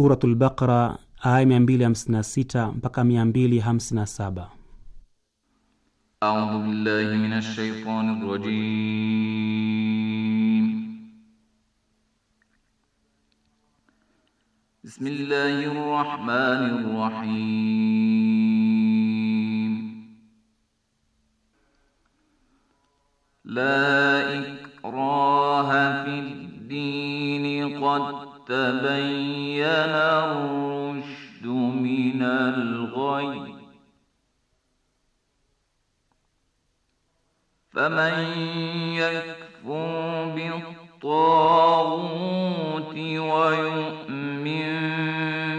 Suratul Baqara aya 256 mpaka 257. A'udhu billahi minash shaitani rajim. Bismillahir Rahmanir Rahim. La ikraha fid din qad tabayyana فمن يكفر بالطاغوت ويؤمن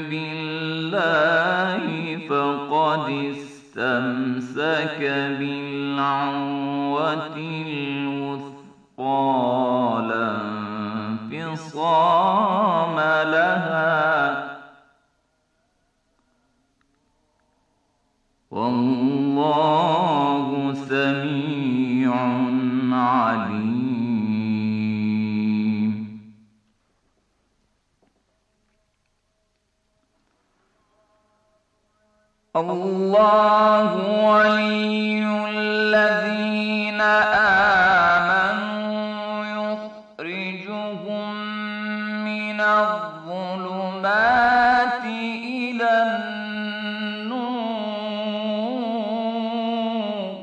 بالله فقد استمسك بالعروة الله ولي الذين آمنوا يخرجهم من الظلمات إلى النور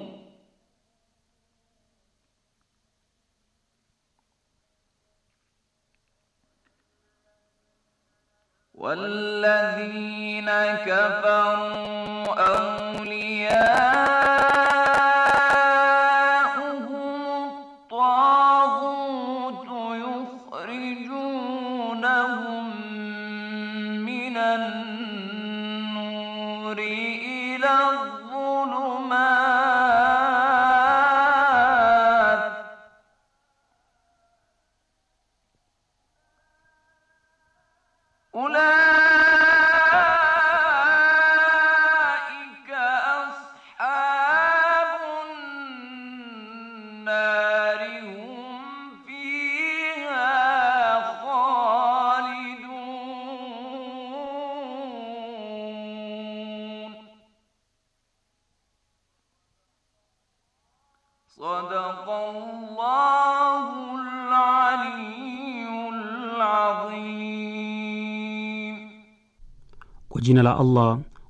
والذين كفروا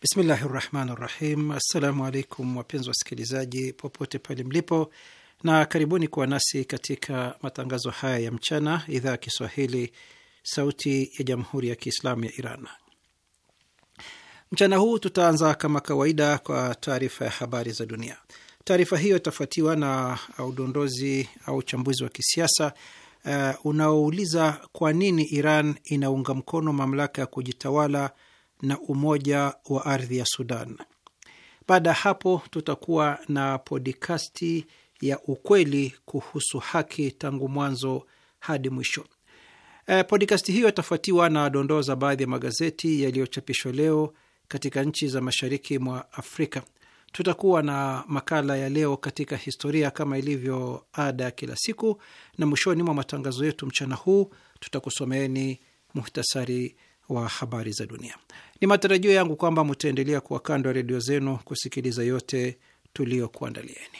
Bismillahi rahmani rahim. Assalamu alaikum wapenzi wasikilizaji popote pale mlipo, na karibuni kuwa nasi katika matangazo haya ya mchana, idhaa ya Kiswahili, sauti ya jamhuri ya kiislamu ya Iran. Mchana huu tutaanza kama kawaida kwa taarifa ya habari za dunia. Taarifa hiyo itafuatiwa na udondozi au uchambuzi wa kisiasa uh, unaouliza kwa nini Iran inaunga mkono mamlaka ya kujitawala na umoja wa ardhi ya Sudan. Baada ya hapo, tutakuwa na podikasti ya ukweli kuhusu haki tangu mwanzo hadi mwisho. E, podikasti hiyo itafuatiwa na dondoo za baadhi ya magazeti yaliyochapishwa leo katika nchi za mashariki mwa Afrika. Tutakuwa na makala ya leo katika historia kama ilivyo ada ya kila siku, na mwishoni mwa matangazo yetu mchana huu tutakusomeeni muhtasari wa habari za dunia. Ni matarajio yangu kwamba mtaendelea kuwa kando ya redio zenu kusikiliza yote tuliyokuandalieni.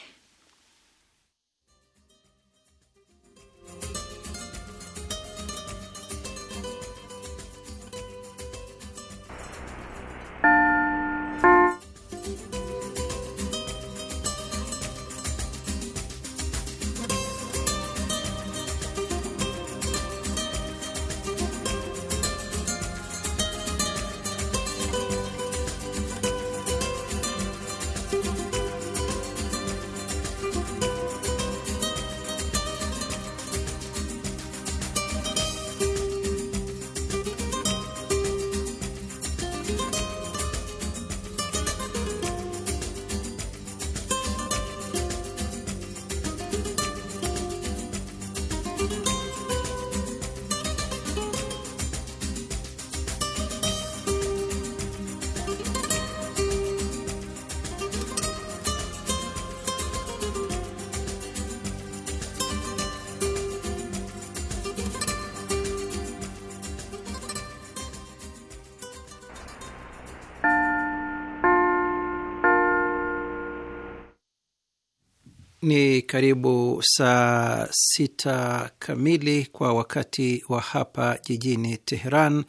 karibu saa sita kamili kwa wakati wa hapa jijini Teheran,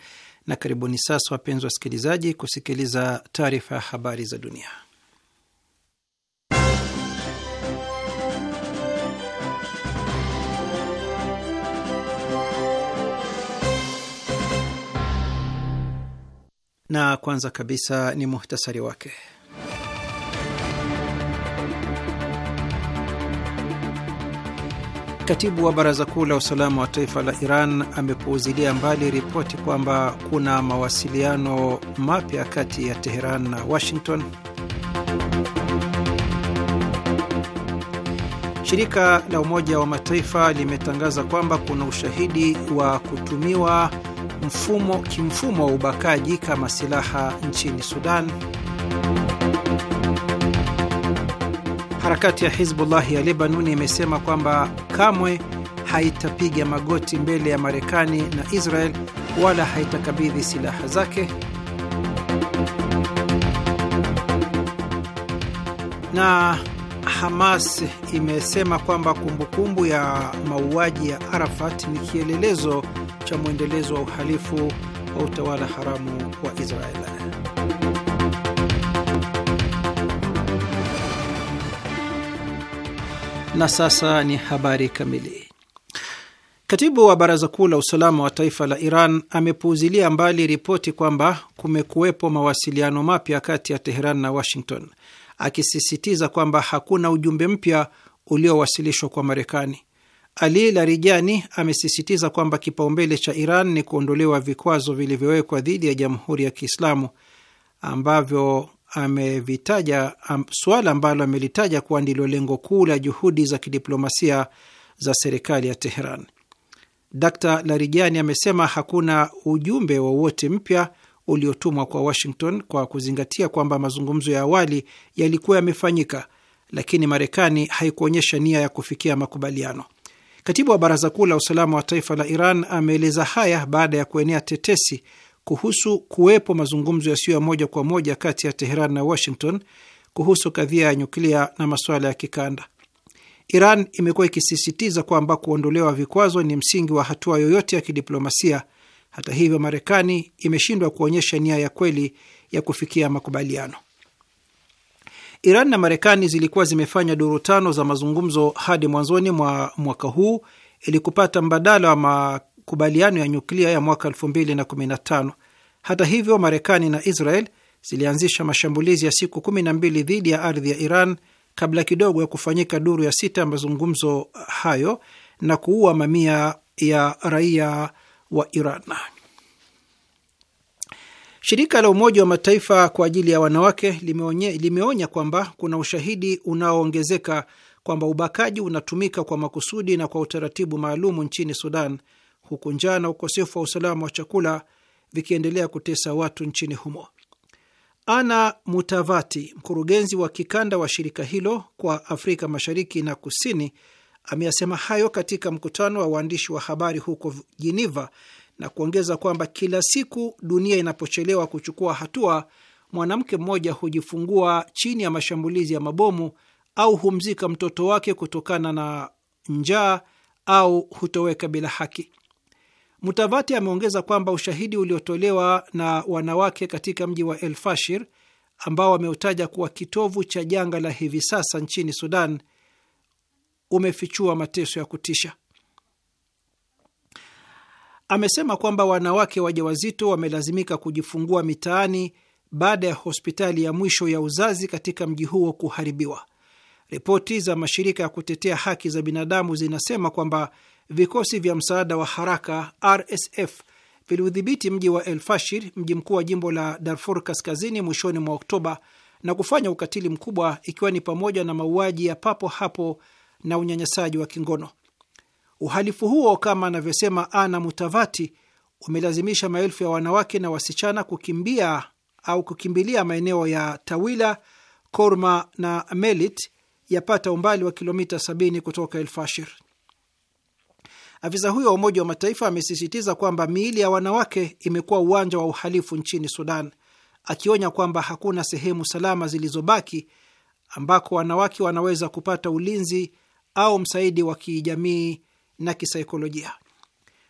na karibuni sasa, wapenzi wasikilizaji, kusikiliza taarifa ya habari za dunia. Na kwanza kabisa ni muhtasari wake. Katibu wa Baraza Kuu la Usalama wa Taifa la Iran amepuuzilia mbali ripoti kwamba kuna mawasiliano mapya kati ya Teheran na Washington. Shirika la Umoja wa Mataifa limetangaza kwamba kuna ushahidi wa kutumiwa mfumo kimfumo wa ubakaji kama silaha nchini Sudan. Harakati ya Hizbullah ya Lebanuni imesema kwamba kamwe haitapiga magoti mbele ya Marekani na Israel wala haitakabidhi silaha zake. Na Hamas imesema kwamba kumbukumbu ya mauaji ya Arafat ni kielelezo cha mwendelezo wa uhalifu wa utawala haramu wa Israel. Na sasa ni habari kamili. Katibu wa Baraza Kuu la Usalama wa Taifa la Iran amepuuzilia mbali ripoti kwamba kumekuwepo mawasiliano mapya kati ya Teheran na Washington, akisisitiza kwamba hakuna ujumbe mpya uliowasilishwa kwa Marekani. Ali Larijani amesisitiza kwamba kipaumbele cha Iran ni kuondolewa vikwazo vilivyowekwa dhidi ya Jamhuri ya Kiislamu ambavyo amevitaja am, suala ambalo amelitaja kuwa ndilo lengo kuu la juhudi za kidiplomasia za serikali ya Teheran. Dr Larijani amesema hakuna ujumbe wowote mpya uliotumwa kwa Washington kwa kuzingatia kwamba mazungumzo ya awali yalikuwa yamefanyika, lakini Marekani haikuonyesha nia ya kufikia makubaliano. Katibu wa baraza kuu la usalama wa taifa la Iran ameeleza haya baada ya kuenea tetesi kuhusu kuwepo mazungumzo yasiyo ya moja kwa moja kati ya Teheran na Washington kuhusu kadhia ya nyuklia na masuala ya kikanda. Iran imekuwa ikisisitiza kwamba kuondolewa vikwazo ni msingi wa hatua yoyote ya kidiplomasia. Hata hivyo, Marekani imeshindwa kuonyesha nia ya kweli ya kufikia makubaliano. Iran na Marekani zilikuwa zimefanya duru tano za mazungumzo hadi mwanzoni mwa mwaka huu ili kupata mbadala wa makubaliano ya nyuklia ya mwaka 2015 hata hivyo, Marekani na Israel zilianzisha mashambulizi ya siku kumi na mbili dhidi ya ardhi ya Iran kabla kidogo ya kufanyika duru ya sita ya mazungumzo hayo na kuua mamia ya raia wa Iran. Shirika la Umoja wa Mataifa kwa ajili ya wanawake limeonye, limeonya kwamba kuna ushahidi unaoongezeka kwamba ubakaji unatumika kwa makusudi na kwa utaratibu maalum nchini Sudan, huku njaa na ukosefu wa usalama wa chakula vikiendelea kutesa watu nchini humo. Ana Mutavati, mkurugenzi wa kikanda wa shirika hilo kwa Afrika Mashariki na Kusini, ameyasema hayo katika mkutano wa waandishi wa habari huko Geneva na kuongeza kwamba kila siku dunia inapochelewa kuchukua hatua, mwanamke mmoja hujifungua chini ya mashambulizi ya mabomu au humzika mtoto wake kutokana na njaa au hutoweka bila haki. Mutavati ameongeza kwamba ushahidi uliotolewa na wanawake katika mji wa El Fashir ambao wameutaja kuwa kitovu cha janga la hivi sasa nchini Sudan umefichua mateso ya kutisha. Amesema kwamba wanawake wajawazito wamelazimika kujifungua mitaani baada ya hospitali ya mwisho ya uzazi katika mji huo kuharibiwa. Ripoti za mashirika ya kutetea haki za binadamu zinasema kwamba vikosi vya msaada wa haraka RSF viliudhibiti mji wa El Fashir, mji mkuu wa jimbo la Darfur Kaskazini, mwishoni mwa Oktoba na kufanya ukatili mkubwa, ikiwa ni pamoja na mauaji ya papo hapo na unyanyasaji wa kingono. Uhalifu huo, kama anavyosema Ana Mutavati, umelazimisha maelfu ya wanawake na wasichana kukimbia au kukimbilia maeneo ya Tawila, Korma na Melit, yapata umbali wa kilomita 70 kutoka El Fashir. Afisa huyo wa Umoja wa Mataifa amesisitiza kwamba miili ya wanawake imekuwa uwanja wa uhalifu nchini Sudan, akionya kwamba hakuna sehemu salama zilizobaki ambako wanawake wanaweza kupata ulinzi au msaidi wa kijamii na kisaikolojia.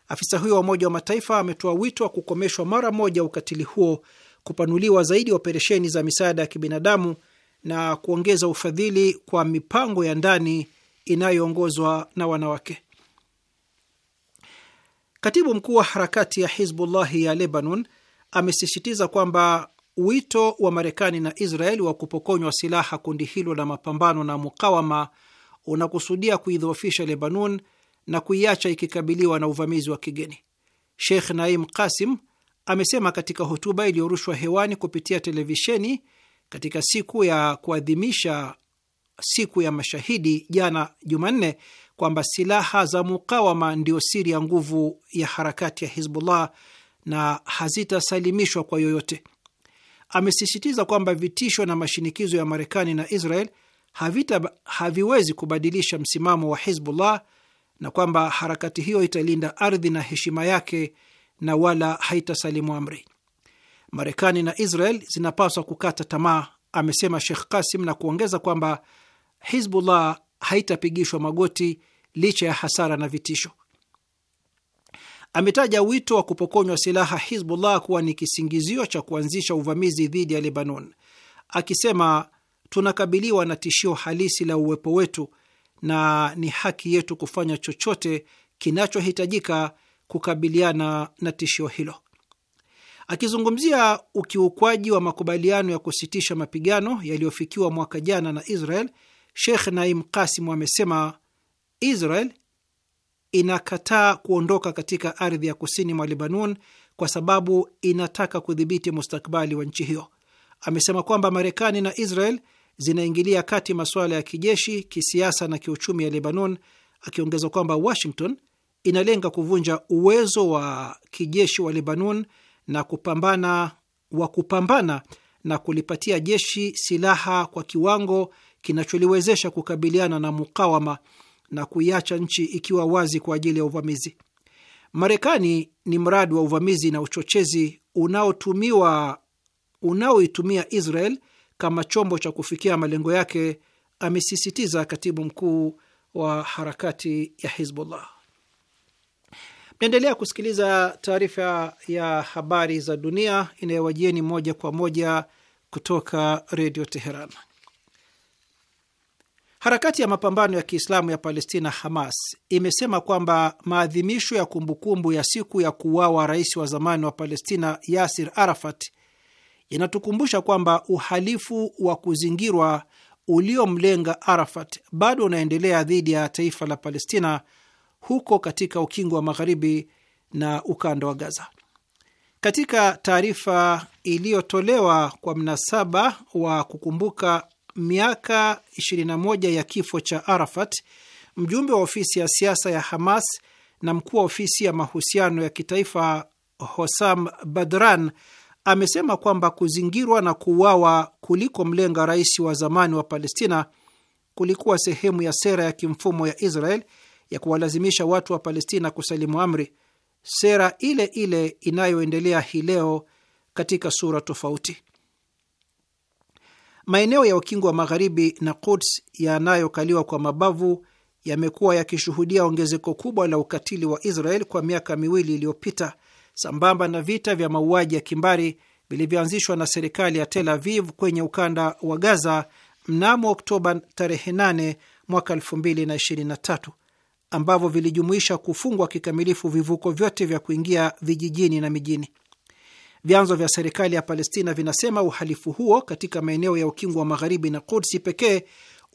Afisa huyo wa Umoja wa Mataifa ametoa wito wa kukomeshwa mara moja ukatili huo, kupanuliwa zaidi operesheni za misaada ya kibinadamu na kuongeza ufadhili kwa mipango ya ndani inayoongozwa na wanawake. Katibu mkuu wa harakati ya Hizbullahi ya Lebanon amesisitiza kwamba wito wa Marekani na Israeli wa kupokonywa silaha kundi hilo la mapambano na mukawama unakusudia kuidhoofisha Lebanon na kuiacha ikikabiliwa na uvamizi wa kigeni. Sheikh Naim Kasim amesema katika hotuba iliyorushwa hewani kupitia televisheni katika siku ya kuadhimisha siku ya mashahidi jana Jumanne kwamba silaha za mukawama ndio siri ya nguvu ya harakati ya Hizbullah na hazitasalimishwa kwa yoyote. Amesisitiza kwamba vitisho na mashinikizo ya Marekani na Israel havita, haviwezi kubadilisha msimamo wa Hizbullah na kwamba harakati hiyo italinda ardhi na heshima yake na wala haitasalimu amri. Marekani na Israel zinapaswa kukata tamaa, amesema Sheikh Kasim, na kuongeza kwamba Hizbullah haitapigishwa magoti licha ya hasara na vitisho. Ametaja wito wa kupokonywa silaha Hizbullah kuwa ni kisingizio cha kuanzisha uvamizi dhidi ya Lebanon, akisema tunakabiliwa na tishio halisi la uwepo wetu na ni haki yetu kufanya chochote kinachohitajika kukabiliana na tishio hilo. Akizungumzia ukiukwaji wa makubaliano ya kusitisha mapigano yaliyofikiwa mwaka jana na Israel Sheikh Naim Kasim amesema Israel inakataa kuondoka katika ardhi ya kusini mwa Lebanon kwa sababu inataka kudhibiti mustakabali wa nchi hiyo. Amesema kwamba Marekani na Israel zinaingilia kati masuala ya kijeshi, kisiasa na kiuchumi ya Lebanon, akiongeza kwamba Washington inalenga kuvunja uwezo wa kijeshi wa Lebanon na kupambana wa kupambana na kulipatia jeshi silaha kwa kiwango kinacholiwezesha kukabiliana na mukawama na kuiacha nchi ikiwa wazi kwa ajili ya uvamizi. Marekani ni mradi wa uvamizi na uchochezi unaotumiwa unaoitumia Israel kama chombo cha kufikia malengo yake, amesisitiza katibu mkuu wa harakati ya Hizbullah. Naendelea kusikiliza taarifa ya habari za dunia inayowajieni moja kwa moja kutoka Redio Teheran. Harakati ya mapambano ya Kiislamu ya Palestina, Hamas, imesema kwamba maadhimisho ya kumbukumbu ya siku ya kuuawa rais wa zamani wa Palestina Yasir Arafat yanatukumbusha kwamba uhalifu wa kuzingirwa uliomlenga Arafat bado unaendelea dhidi ya taifa la Palestina huko katika ukingo wa magharibi na ukanda wa Gaza. Katika taarifa iliyotolewa kwa mnasaba wa kukumbuka miaka 21 ya kifo cha Arafat, mjumbe wa ofisi ya siasa ya Hamas na mkuu wa ofisi ya mahusiano ya kitaifa hosam Badran amesema kwamba kuzingirwa na kuuawa kuliko mlenga rais wa zamani wa Palestina kulikuwa sehemu ya sera ya kimfumo ya Israel ya kuwalazimisha watu wa Palestina kusalimu amri, sera ile ile inayoendelea hii leo katika sura tofauti. Maeneo ya ukingo wa magharibi na Quds yanayokaliwa kwa mabavu yamekuwa yakishuhudia ongezeko kubwa la ukatili wa Israel kwa miaka miwili iliyopita, sambamba na vita vya mauaji ya kimbari vilivyoanzishwa na serikali ya Tel Aviv kwenye ukanda wa Gaza mnamo Oktoba tarehe 8 mwaka 2023 ambavyo vilijumuisha kufungwa kikamilifu vivuko vyote vya kuingia vijijini na mijini. Vyanzo vya serikali ya Palestina vinasema uhalifu huo katika maeneo ya ukingo wa magharibi na Kudsi pekee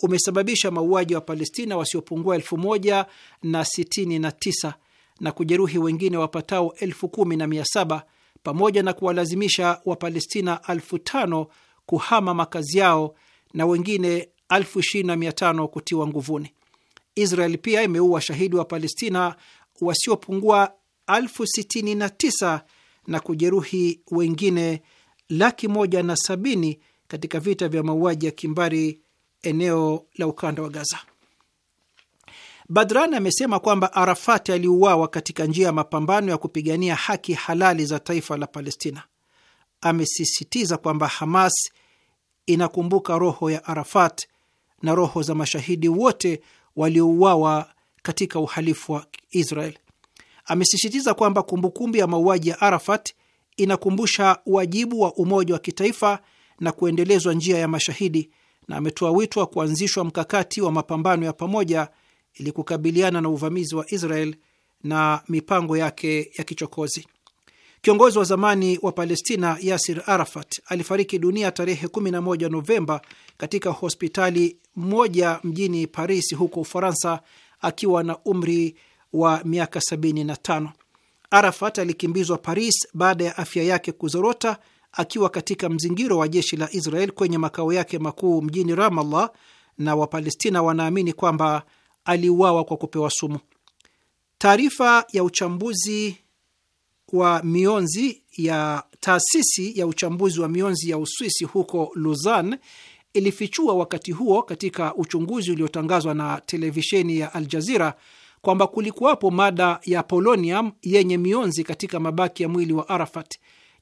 umesababisha mauaji wa Palestina wasiopungua elfu moja na sitini na tisa na kujeruhi wengine wapatao elfu kumi na mia saba pamoja na kuwalazimisha Wapalestina elfu tano kuhama makazi yao na wengine elfu ishirini na mia tano kutiwa nguvuni. Israel pia imeua shahidi wa Palestina wasiopungua elfu sitini na tisa na kujeruhi wengine laki moja na sabini katika vita vya mauaji ya kimbari eneo la ukanda wa Gaza. Badran amesema kwamba Arafat aliuawa katika njia ya mapambano ya kupigania haki halali za taifa la Palestina. Amesisitiza kwamba Hamas inakumbuka roho ya Arafat na roho za mashahidi wote waliouawa katika uhalifu wa Israel amesisitiza kwamba kumbukumbu ya mauaji ya Arafat inakumbusha wajibu wa umoja wa kitaifa na kuendelezwa njia ya mashahidi, na ametoa wito wa kuanzishwa mkakati wa mapambano ya pamoja ili kukabiliana na uvamizi wa Israel na mipango yake ya kichokozi. Kiongozi wa zamani wa Palestina Yasir Arafat alifariki dunia tarehe 11 Novemba katika hospitali moja mjini Paris huko Ufaransa akiwa na umri wa miaka 75. Arafat alikimbizwa Paris baada ya afya yake kuzorota akiwa katika mzingiro wa jeshi la Israel kwenye makao yake makuu mjini Ramallah, na Wapalestina wanaamini kwamba aliuawa kwa kupewa sumu. Taarifa ya uchambuzi wa mionzi ya taasisi ya uchambuzi wa mionzi ya Uswisi huko luzan ilifichua wakati huo katika uchunguzi uliotangazwa na televisheni ya Al Jazeera kwamba kulikuwapo mada ya polonium yenye mionzi katika mabaki ya mwili wa Arafat,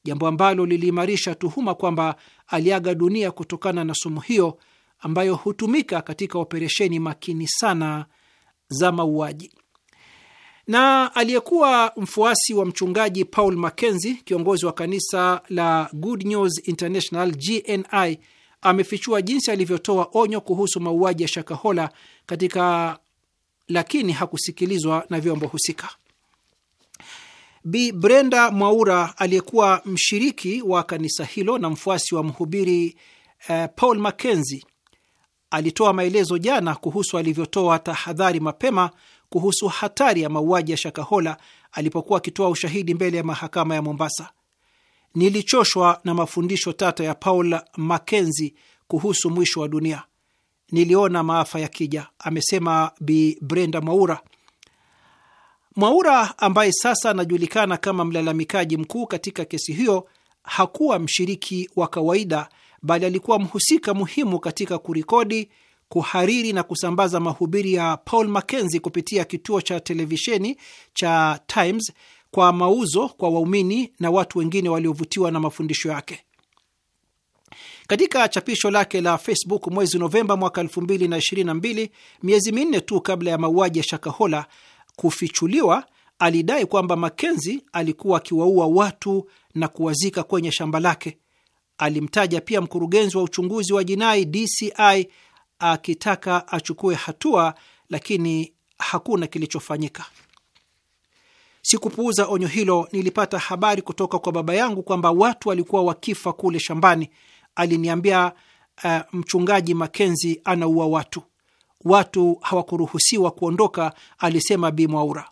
jambo ambalo liliimarisha tuhuma kwamba aliaga dunia kutokana na sumu hiyo ambayo hutumika katika operesheni makini sana za mauaji. Na aliyekuwa mfuasi wa mchungaji Paul Mackenzie, kiongozi wa kanisa la Good News International GNI, amefichua jinsi alivyotoa onyo kuhusu mauaji ya Shakahola katika lakini hakusikilizwa na vyombo husika. Bi Brenda Mwaura aliyekuwa mshiriki wa kanisa hilo na mfuasi wa mhubiri uh, Paul Mackenzie alitoa maelezo jana kuhusu alivyotoa tahadhari mapema kuhusu hatari ya mauaji ya Shakahola alipokuwa akitoa ushahidi mbele ya mahakama ya Mombasa. Nilichoshwa na mafundisho tata ya Paul Mackenzie kuhusu mwisho wa dunia niliona maafa yakija, amesema Bi Brenda Mwaura. Mwaura ambaye sasa anajulikana kama mlalamikaji mkuu katika kesi hiyo hakuwa mshiriki wa kawaida, bali alikuwa mhusika muhimu katika kurikodi, kuhariri na kusambaza mahubiri ya Paul Mackenzie kupitia kituo cha televisheni cha Times kwa mauzo kwa waumini na watu wengine waliovutiwa na mafundisho yake. Katika chapisho lake la Facebook mwezi Novemba mwaka 2022, miezi minne tu kabla ya mauaji ya Shakahola kufichuliwa, alidai kwamba Makenzi alikuwa akiwaua watu na kuwazika kwenye shamba lake. Alimtaja pia mkurugenzi wa uchunguzi wa jinai DCI akitaka achukue hatua, lakini hakuna kilichofanyika. Sikupuuza onyo hilo, nilipata habari kutoka kwa baba yangu kwamba watu walikuwa wakifa kule shambani aliniambia uh, mchungaji Makenzi anaua watu, watu hawakuruhusiwa kuondoka, alisema Bi Mwaura.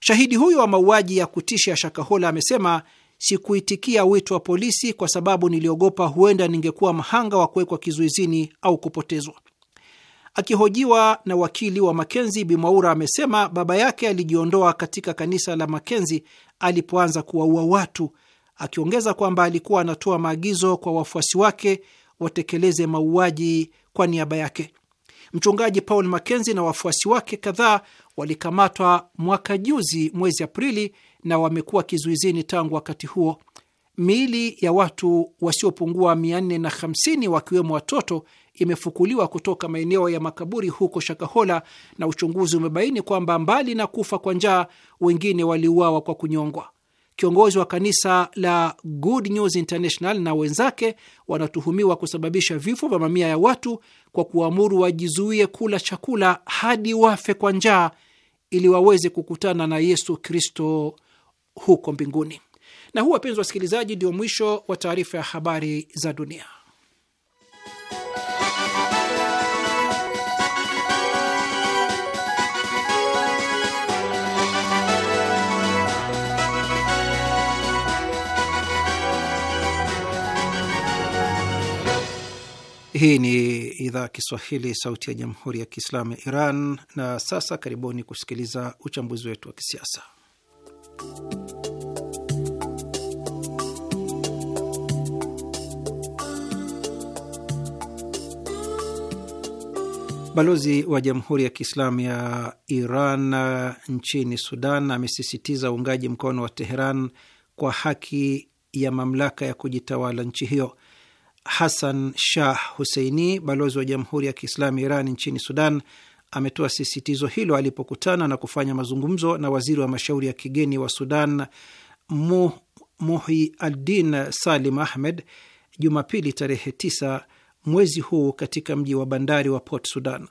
Shahidi huyo wa mauaji ya kutisha ya Shakahola amesema sikuitikia wito wa polisi kwa sababu niliogopa huenda ningekuwa mhanga wa kuwekwa kizuizini au kupotezwa. Akihojiwa na wakili wa Makenzi, Bi Mwaura amesema baba yake alijiondoa katika kanisa la Makenzi alipoanza kuwaua watu akiongeza kwamba alikuwa anatoa maagizo kwa wafuasi wake watekeleze mauaji kwa niaba yake. Mchungaji Paul Mackenzie na wafuasi wake kadhaa walikamatwa mwaka juzi mwezi Aprili na wamekuwa kizuizini tangu wakati huo. Miili ya watu wasiopungua 450 wakiwemo watoto imefukuliwa kutoka maeneo ya makaburi huko Shakahola, na uchunguzi umebaini kwamba mbali na kufa kwa njaa, wengine waliuawa kwa kunyongwa. Kiongozi wa kanisa la Good News International na wenzake wanatuhumiwa kusababisha vifo vya mamia ya watu kwa kuamuru wajizuie kula chakula hadi wafe kwa njaa ili waweze kukutana na Yesu Kristo huko mbinguni. Na huu, wapenzi wasikilizaji, ndio mwisho wa taarifa ya habari za dunia. Hii ni idhaa ya Kiswahili, sauti ya jamhuri ya kiislamu ya Iran. Na sasa karibuni kusikiliza uchambuzi wetu wa kisiasa. Balozi wa Jamhuri ya Kiislamu ya Iran nchini Sudan amesisitiza uungaji mkono wa Teheran kwa haki ya mamlaka ya kujitawala nchi hiyo Hasan Shah Huseini, balozi wa Jamhuri ya Kiislamu Iran nchini Sudan, ametoa sisitizo hilo alipokutana na kufanya mazungumzo na waziri wa mashauri ya kigeni wa Sudan muhiaddin Muhi Aldin Salim Ahmed Jumapili tarehe 9 mwezi huu katika mji wa bandari wa Port Sudan.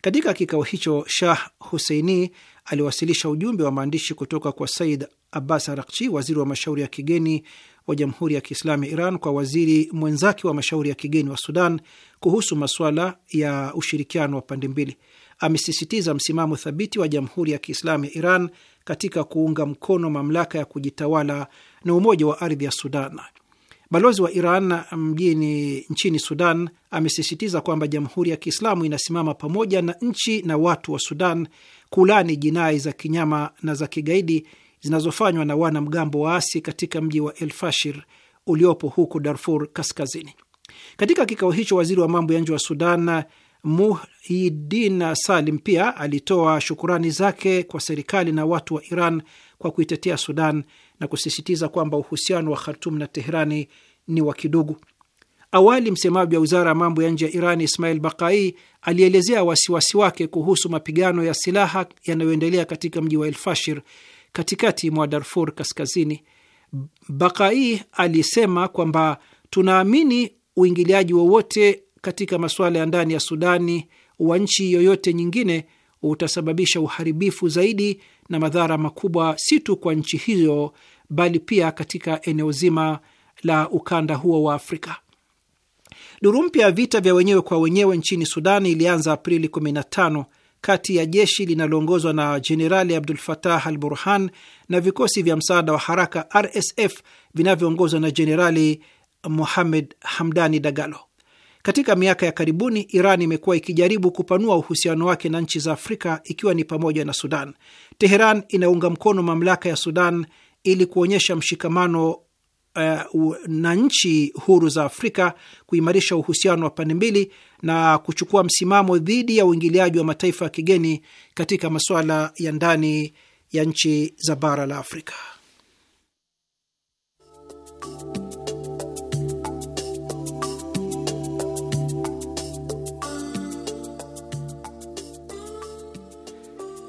Katika kikao hicho, Shah Huseini aliwasilisha ujumbe wa maandishi kutoka kwa Said Abbas Arakchi, waziri wa mashauri ya kigeni wa Jamhuri ya Kiislamu ya Iran kwa waziri mwenzake wa mashauri ya kigeni wa Sudan kuhusu masuala ya ushirikiano wa pande mbili. Amesisitiza msimamo thabiti wa Jamhuri ya Kiislamu ya Iran katika kuunga mkono mamlaka ya kujitawala na umoja wa ardhi ya Sudan. Balozi wa Iran mjini nchini Sudan amesisitiza kwamba Jamhuri ya Kiislamu inasimama pamoja na nchi na watu wa Sudan kulani jinai za kinyama na za kigaidi zinazofanywa na wanamgambo waasi katika mji wa El Fashir uliopo huko Darfur Kaskazini. Katika kikao hicho, waziri wa mambo ya nje wa Sudan Muhidin Salim pia alitoa shukurani zake kwa serikali na watu wa Iran kwa kuitetea Sudan na kusisitiza kwamba uhusiano wa Khartum na Teherani ni wa kidugu. Awali msemaji wa wizara ya mambo ya nje ya Iran Ismail Bakai alielezea wasiwasi wake kuhusu mapigano ya silaha yanayoendelea katika mji wa Elfashir katikati mwa Darfur Kaskazini. Bakai alisema kwamba tunaamini uingiliaji wowote katika masuala ya ndani ya Sudani wa nchi yoyote nyingine utasababisha uharibifu zaidi na madhara makubwa, si tu kwa nchi hiyo, bali pia katika eneo zima la ukanda huo wa Afrika. Duru mpya ya vita vya wenyewe kwa wenyewe nchini Sudani ilianza Aprili kati ya jeshi linaloongozwa na Jenerali Abdul Fatah al Burhan na vikosi vya msaada wa haraka RSF vinavyoongozwa na Jenerali Mohamed Hamdani Dagalo. Katika miaka ya karibuni, Iran imekuwa ikijaribu kupanua uhusiano wake na nchi za Afrika, ikiwa ni pamoja na Sudan. Teheran inaunga mkono mamlaka ya Sudan ili kuonyesha mshikamano eh, na nchi huru za Afrika, kuimarisha uhusiano wa pande mbili na kuchukua msimamo dhidi ya uingiliaji wa mataifa ya kigeni katika masuala ya ndani ya nchi za bara la Afrika.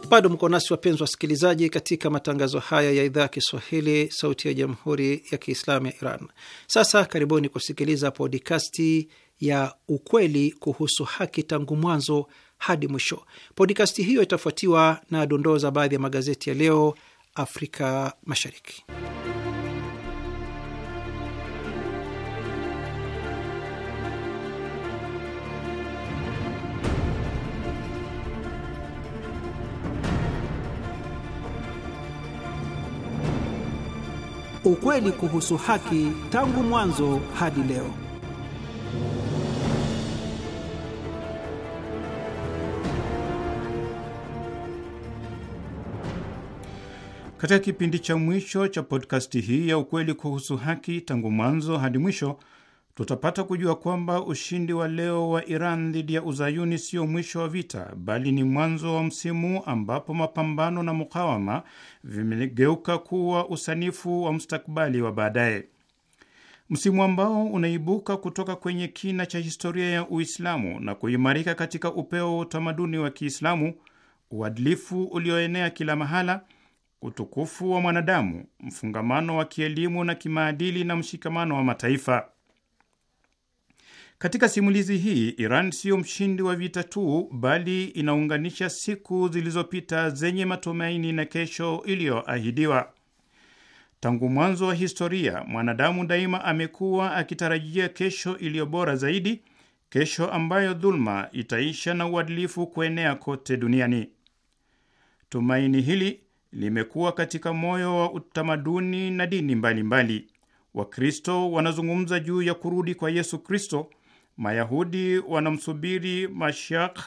Bado mko nasi wapenzi wasikilizaji, katika matangazo haya ya idhaa ya Kiswahili, sauti ya jamhuri ya kiislamu ya Iran. Sasa karibuni kusikiliza podikasti ya ukweli kuhusu haki tangu mwanzo hadi mwisho. Podikasti hiyo itafuatiwa na dondoo za baadhi ya magazeti ya leo Afrika Mashariki. ukweli kuhusu haki tangu mwanzo hadi leo. Katika kipindi cha mwisho cha podkasti hii ya ukweli kuhusu haki tangu mwanzo hadi mwisho tutapata kujua kwamba ushindi wa leo wa Iran dhidi ya uzayuni sio mwisho wa vita, bali ni mwanzo wa msimu ambapo mapambano na mukawama vimegeuka kuwa usanifu wa mstakbali wa baadaye, msimu ambao unaibuka kutoka kwenye kina cha historia ya Uislamu na kuimarika katika upeo wa utamaduni wa Kiislamu, uadilifu ulioenea kila mahala utukufu wa mwanadamu, mfungamano wa kielimu na kimaadili na mshikamano wa mataifa. Katika simulizi hii Iran siyo mshindi wa vita tu, bali inaunganisha siku zilizopita zenye matumaini na kesho iliyoahidiwa. Tangu mwanzo wa historia, mwanadamu daima amekuwa akitarajia kesho iliyo bora zaidi, kesho ambayo dhuluma itaisha na uadilifu kuenea kote duniani. Tumaini hili limekuwa katika moyo wa utamaduni na dini mbalimbali. Wakristo wanazungumza juu ya kurudi kwa Yesu Kristo Mayahudi wanamsubiri Mashak,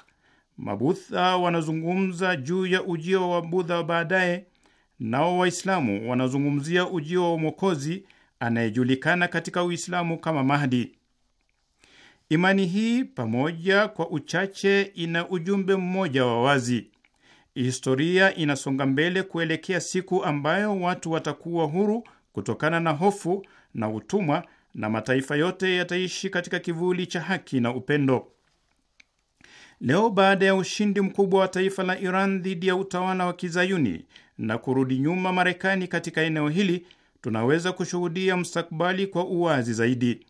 Mabudha wanazungumza juu ya ujio wa Budha wa baadaye, nao Waislamu wanazungumzia ujio wa Mwokozi anayejulikana katika Uislamu kama Mahdi. Imani hii pamoja kwa uchache ina ujumbe mmoja wa wazi. Historia inasonga mbele kuelekea siku ambayo watu watakuwa huru kutokana na hofu na utumwa na mataifa yote yataishi katika kivuli cha haki na upendo. Leo baada ya ushindi mkubwa wa taifa la Iran dhidi ya utawala wa kizayuni na kurudi nyuma Marekani katika eneo hili, tunaweza kushuhudia mustakabali kwa uwazi zaidi.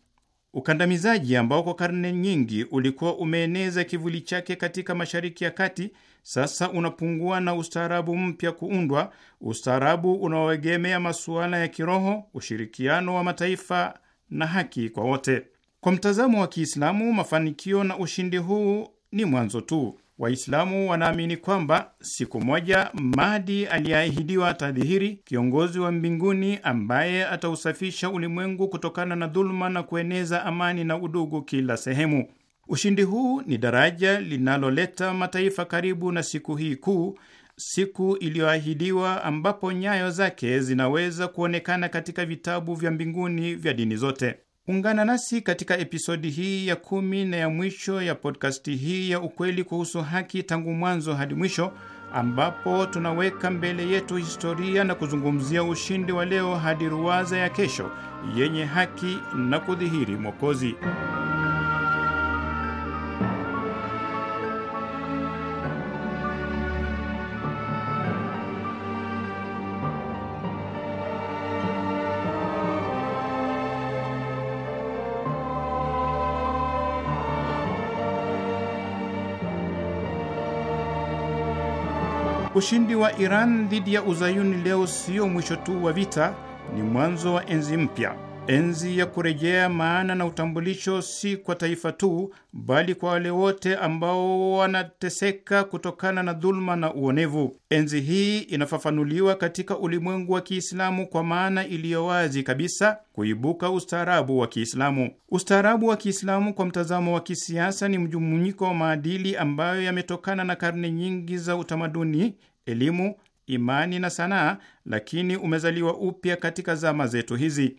Ukandamizaji ambao kwa karne nyingi ulikuwa umeeneza kivuli chake katika Mashariki ya Kati sasa unapungua na ustaarabu mpya kuundwa, ustaarabu unaoegemea masuala ya kiroho, ushirikiano wa mataifa na haki kwa wote. Kwa mtazamo wa Kiislamu, mafanikio na ushindi huu ni mwanzo tu. Waislamu wanaamini kwamba siku moja Mahdi aliyeahidiwa atadhihiri, kiongozi wa mbinguni ambaye atausafisha ulimwengu kutokana na dhuluma na kueneza amani na udugu kila sehemu. Ushindi huu ni daraja linaloleta mataifa karibu na siku hii kuu siku iliyoahidiwa ambapo nyayo zake zinaweza kuonekana katika vitabu vya mbinguni vya dini zote. Ungana nasi katika episodi hii ya kumi na ya mwisho ya podkasti hii ya ukweli kuhusu haki, tangu mwanzo hadi mwisho, ambapo tunaweka mbele yetu historia na kuzungumzia ushindi wa leo hadi ruwaza ya kesho yenye haki na kudhihiri Mwokozi. Ushindi wa Iran dhidi ya Uzayuni leo sio mwisho tu wa vita, ni mwanzo wa enzi mpya enzi ya kurejea maana na utambulisho si kwa taifa tu, bali kwa wale wote ambao wanateseka kutokana na dhuluma na uonevu. Enzi hii inafafanuliwa katika ulimwengu wa Kiislamu kwa maana iliyo wazi kabisa, kuibuka ustaarabu wa Kiislamu. Ustaarabu wa Kiislamu kwa mtazamo wa kisiasa ni mjumunyiko wa maadili ambayo yametokana na karne nyingi za utamaduni, elimu, imani na sanaa, lakini umezaliwa upya katika zama zetu hizi.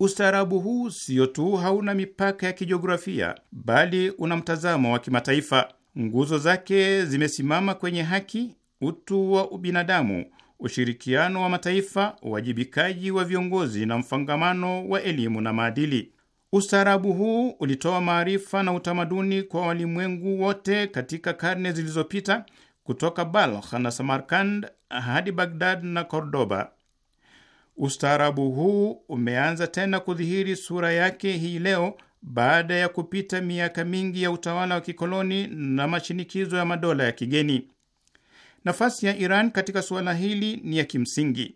Ustaarabu huu sio tu hauna mipaka ya kijiografia, bali una mtazamo wa kimataifa. Nguzo zake zimesimama kwenye haki, utu wa ubinadamu, ushirikiano wa mataifa, uwajibikaji wa viongozi na mfangamano wa elimu na maadili. Ustaarabu huu ulitoa maarifa na utamaduni kwa walimwengu wote katika karne zilizopita, kutoka Balkh na Samarkand hadi Bagdad na Kordoba. Ustaarabu huu umeanza tena kudhihiri sura yake hii leo baada ya kupita miaka mingi ya utawala wa kikoloni na mashinikizo ya madola ya kigeni. Nafasi ya Iran katika suala hili ni ya kimsingi.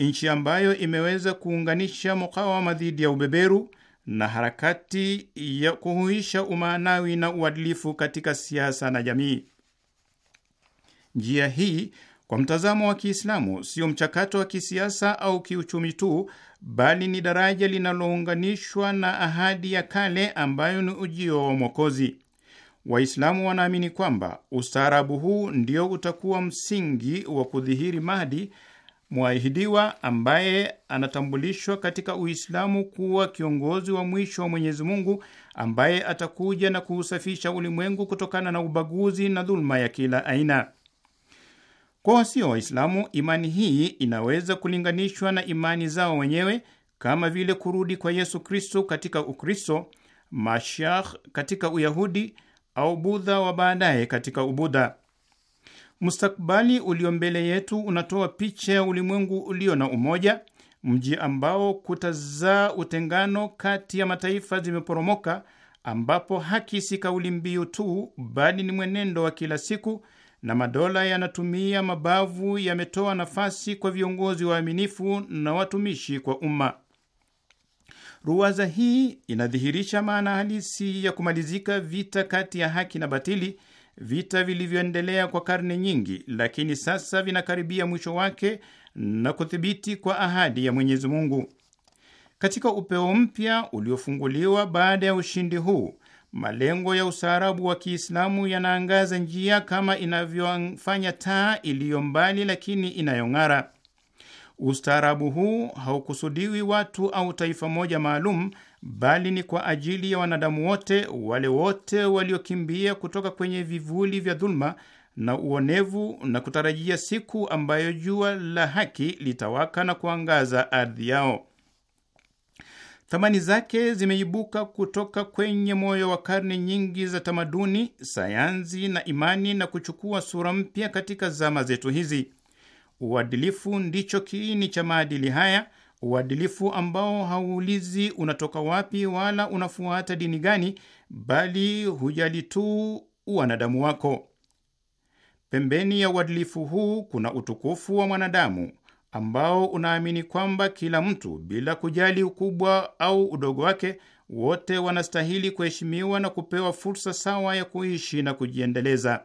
Nchi ambayo imeweza kuunganisha mukawama dhidi ya ubeberu na harakati ya kuhuisha umaanawi na uadilifu katika siasa na jamii. Njia hii kwa mtazamo wa Kiislamu, sio mchakato wa kisiasa au kiuchumi tu, bali ni daraja linalounganishwa na ahadi ya kale ambayo ni ujio wa Mwokozi. Waislamu wanaamini kwamba ustaarabu huu ndio utakuwa msingi wa kudhihiri Mahdi mwahidiwa ambaye anatambulishwa katika Uislamu kuwa kiongozi wa mwisho wa Mwenyezi Mungu ambaye atakuja na kuusafisha ulimwengu kutokana na ubaguzi na dhuluma ya kila aina. Kwa wasio Waislamu, imani hii inaweza kulinganishwa na imani zao wenyewe kama vile kurudi kwa Yesu Kristo katika Ukristo, Mashah katika Uyahudi au Budha wa baadaye katika Ubudha. Mustakbali ulio mbele yetu unatoa picha ya ulimwengu ulio na umoja, mji ambao kuta za utengano kati ya mataifa zimeporomoka, ambapo haki si kauli mbiu tu, bali ni mwenendo wa kila siku na madola yanatumia mabavu yametoa nafasi kwa viongozi waaminifu na watumishi kwa umma. Ruwaza hii inadhihirisha maana halisi ya kumalizika vita kati ya haki na batili, vita vilivyoendelea kwa karne nyingi, lakini sasa vinakaribia mwisho wake na kuthibiti kwa ahadi ya Mwenyezi Mungu. Katika upeo mpya uliofunguliwa baada ya ushindi huu, malengo ya ustaarabu wa Kiislamu yanaangaza njia kama inavyofanya taa iliyo mbali lakini inayong'ara. Ustaarabu huu haukusudiwi watu au taifa moja maalum, bali ni kwa ajili ya wanadamu wote, wale wote waliokimbia kutoka kwenye vivuli vya dhuluma na uonevu na kutarajia siku ambayo jua la haki litawaka na kuangaza ardhi yao. Thamani zake zimeibuka kutoka kwenye moyo wa karne nyingi za tamaduni, sayansi na imani na kuchukua sura mpya katika zama zetu hizi. Uadilifu ndicho kiini cha maadili haya, uadilifu ambao hauulizi unatoka wapi wala unafuata dini gani, bali hujali tu wanadamu wako. Pembeni ya uadilifu huu kuna utukufu wa mwanadamu ambao unaamini kwamba kila mtu bila kujali ukubwa au udogo wake, wote wanastahili kuheshimiwa na kupewa fursa sawa ya kuishi na kujiendeleza.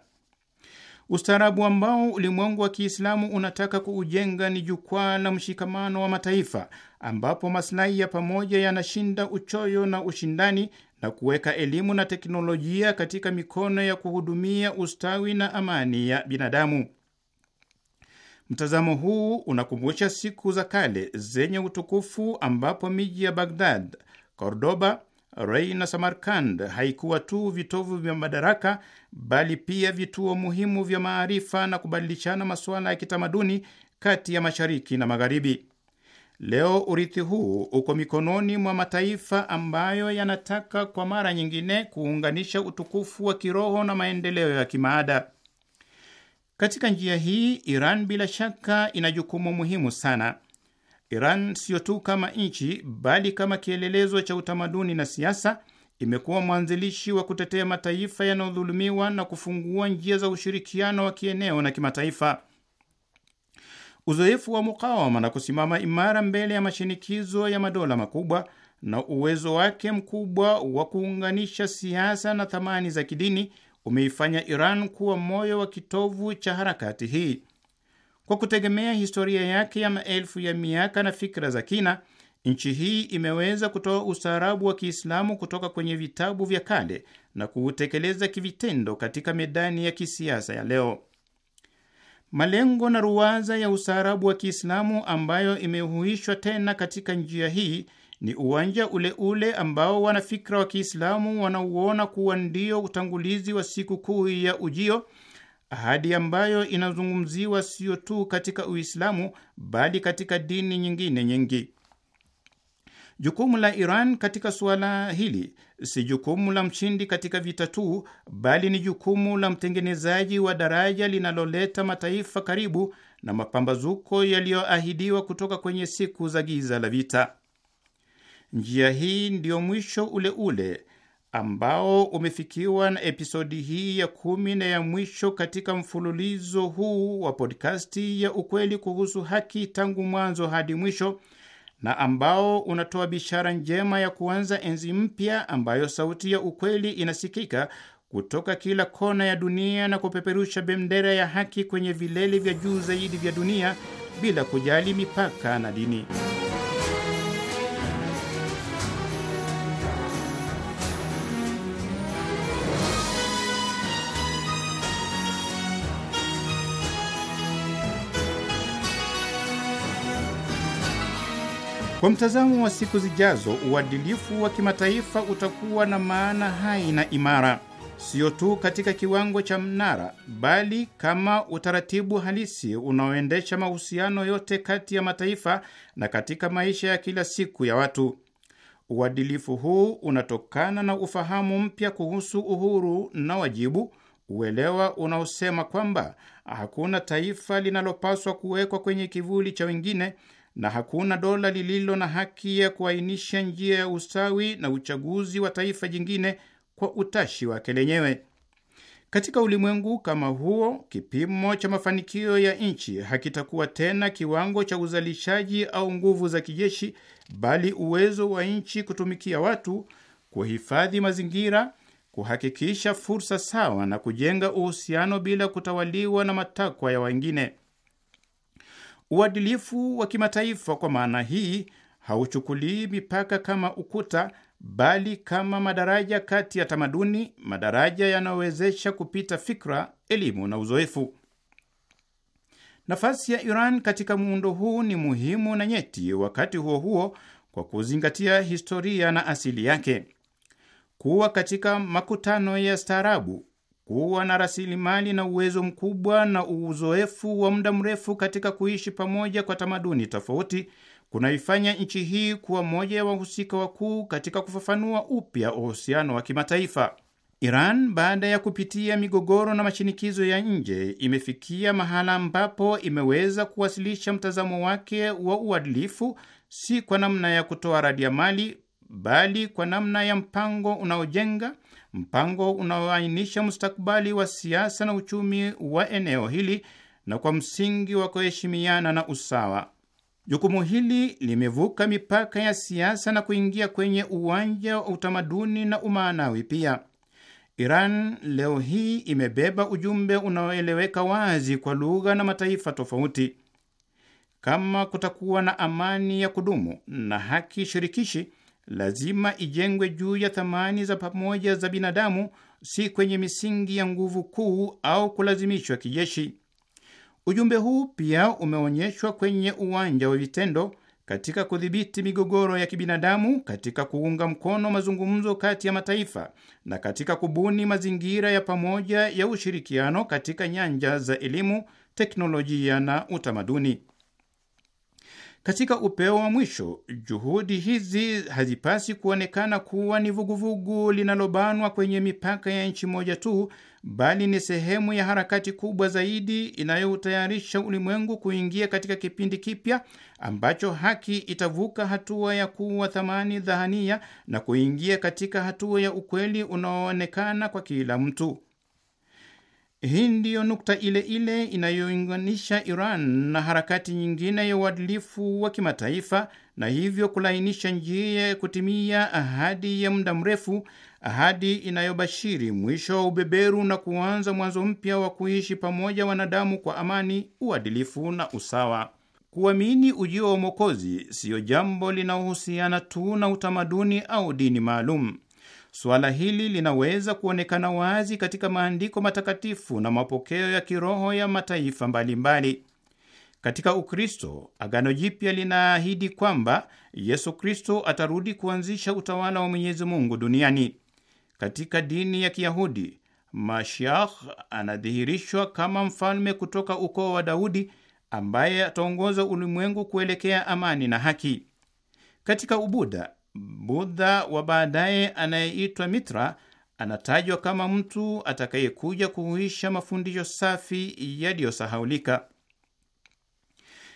Ustaarabu ambao ulimwengu wa Kiislamu unataka kuujenga ni jukwaa la mshikamano wa mataifa ambapo maslahi ya pamoja yanashinda uchoyo na ushindani na kuweka elimu na teknolojia katika mikono ya kuhudumia ustawi na amani ya binadamu. Mtazamo huu unakumbusha siku za kale zenye utukufu ambapo miji ya Baghdad, Cordoba, Rei na Samarkand haikuwa tu vitovu vya madaraka bali pia vituo muhimu vya maarifa na kubadilishana masuala ya kitamaduni kati ya mashariki na magharibi. Leo urithi huu uko mikononi mwa mataifa ambayo yanataka kwa mara nyingine kuunganisha utukufu wa kiroho na maendeleo ya kimaada. Katika njia hii, Iran bila shaka ina jukumu muhimu sana. Iran siyo tu kama nchi, bali kama kielelezo cha utamaduni na siasa, imekuwa mwanzilishi wa kutetea mataifa yanayodhulumiwa na kufungua njia za ushirikiano wa kieneo na kimataifa. Uzoefu wa mukawama na kusimama imara mbele ya mashinikizo ya madola makubwa na uwezo wake mkubwa wa kuunganisha siasa na thamani za kidini umeifanya Iran kuwa moyo wa kitovu cha harakati hii. Kwa kutegemea historia yake ya maelfu ya miaka na fikra za kina, nchi hii imeweza kutoa ustaarabu wa Kiislamu kutoka kwenye vitabu vya kale na kuutekeleza kivitendo katika medani ya kisiasa ya leo. Malengo na ruwaza ya ustaarabu wa Kiislamu ambayo imehuishwa tena katika njia hii ni uwanja ule ule ambao wanafikra wa Kiislamu wanauona kuwa ndio utangulizi wa siku kuu ya ujio, ahadi ambayo inazungumziwa sio tu katika Uislamu bali katika dini nyingine nyingi. Jukumu la Iran katika suala hili si jukumu la mshindi katika vita tu, bali ni jukumu la mtengenezaji wa daraja linaloleta mataifa karibu na mapambazuko yaliyoahidiwa kutoka kwenye siku za giza la vita. Njia hii ndiyo mwisho ule ule ambao umefikiwa na episodi hii ya kumi na ya mwisho katika mfululizo huu wa podkasti ya ukweli kuhusu haki tangu mwanzo hadi mwisho na ambao unatoa bishara njema ya kuanza enzi mpya ambayo sauti ya ukweli inasikika kutoka kila kona ya dunia na kupeperusha bendera ya haki kwenye vilele vya juu zaidi vya dunia bila kujali mipaka na dini. Kwa mtazamo wa siku zijazo, uadilifu wa kimataifa utakuwa na maana hai na imara, sio tu katika kiwango cha mnara, bali kama utaratibu halisi unaoendesha mahusiano yote kati ya mataifa na katika maisha ya kila siku ya watu. Uadilifu huu unatokana na ufahamu mpya kuhusu uhuru na wajibu, uelewa unaosema kwamba hakuna taifa linalopaswa kuwekwa kwenye kivuli cha wengine na hakuna dola lililo na haki ya kuainisha njia ya ustawi na uchaguzi wa taifa jingine kwa utashi wake lenyewe. Katika ulimwengu kama huo, kipimo cha mafanikio ya nchi hakitakuwa tena kiwango cha uzalishaji au nguvu za kijeshi, bali uwezo wa nchi kutumikia watu, kuhifadhi mazingira, kuhakikisha fursa sawa na kujenga uhusiano bila kutawaliwa na matakwa ya wengine. Uadilifu wa kimataifa kwa maana hii hauchukulii mipaka kama ukuta, bali kama madaraja kati ya tamaduni, madaraja yanayowezesha kupita fikra, elimu na uzoefu. Nafasi ya Iran katika muundo huu ni muhimu na nyeti, wakati huo huo, kwa kuzingatia historia na asili yake. Kuwa katika makutano ya staarabu kuwa na rasilimali na uwezo mkubwa na uzoefu wa muda mrefu katika kuishi pamoja kwa tamaduni tofauti kunaifanya nchi hii kuwa moja ya wahusika wakuu katika kufafanua upya uhusiano wa kimataifa. Iran baada ya kupitia migogoro na mashinikizo ya nje imefikia mahala ambapo imeweza kuwasilisha mtazamo wake wa uadilifu, si kwa namna ya kutoa radi ya mali bali kwa namna ya mpango unaojenga mpango unaoainisha mustakabali wa siasa na uchumi wa eneo hili na kwa msingi wa kuheshimiana na usawa. Jukumu hili limevuka mipaka ya siasa na kuingia kwenye uwanja wa utamaduni na umaanawi pia. Iran leo hii imebeba ujumbe unaoeleweka wazi kwa lugha na mataifa tofauti. Kama kutakuwa na amani ya kudumu na haki shirikishi lazima ijengwe juu ya thamani za pamoja za binadamu, si kwenye misingi ya nguvu kuu au kulazimishwa kijeshi. Ujumbe huu pia umeonyeshwa kwenye uwanja wa vitendo katika kudhibiti migogoro ya kibinadamu, katika kuunga mkono mazungumzo kati ya mataifa na katika kubuni mazingira ya pamoja ya ushirikiano katika nyanja za elimu, teknolojia na utamaduni. Katika upeo wa mwisho, juhudi hizi hazipasi kuonekana kuwa ni vuguvugu linalobanwa kwenye mipaka ya nchi moja tu, bali ni sehemu ya harakati kubwa zaidi inayotayarisha ulimwengu kuingia katika kipindi kipya ambacho haki itavuka hatua ya kuwa thamani dhahania na kuingia katika hatua ya ukweli unaoonekana kwa kila mtu. Hii ndiyo nukta ile ile inayounganisha Iran na harakati nyingine ya uadilifu wa kimataifa na hivyo kulainisha njia ya kutimia ahadi ya muda mrefu, ahadi inayobashiri mwisho wa ubeberu na kuanza mwanzo mpya wa kuishi pamoja wanadamu kwa amani, uadilifu na usawa. Kuamini ujio wa Mwokozi siyo jambo linaohusiana tu na utamaduni au dini maalum. Suala hili linaweza kuonekana wazi katika maandiko matakatifu na mapokeo ya kiroho ya mataifa mbalimbali mbali. Katika Ukristo, Agano Jipya linaahidi kwamba Yesu Kristo atarudi kuanzisha utawala wa Mwenyezi Mungu duniani. Katika dini ya Kiyahudi, mashiah anadhihirishwa kama mfalme kutoka ukoo wa Daudi ambaye ataongoza ulimwengu kuelekea amani na haki. Katika ubuda budha wa baadaye anayeitwa Mitra anatajwa kama mtu atakayekuja kuhuisha mafundisho safi yaliyosahaulika.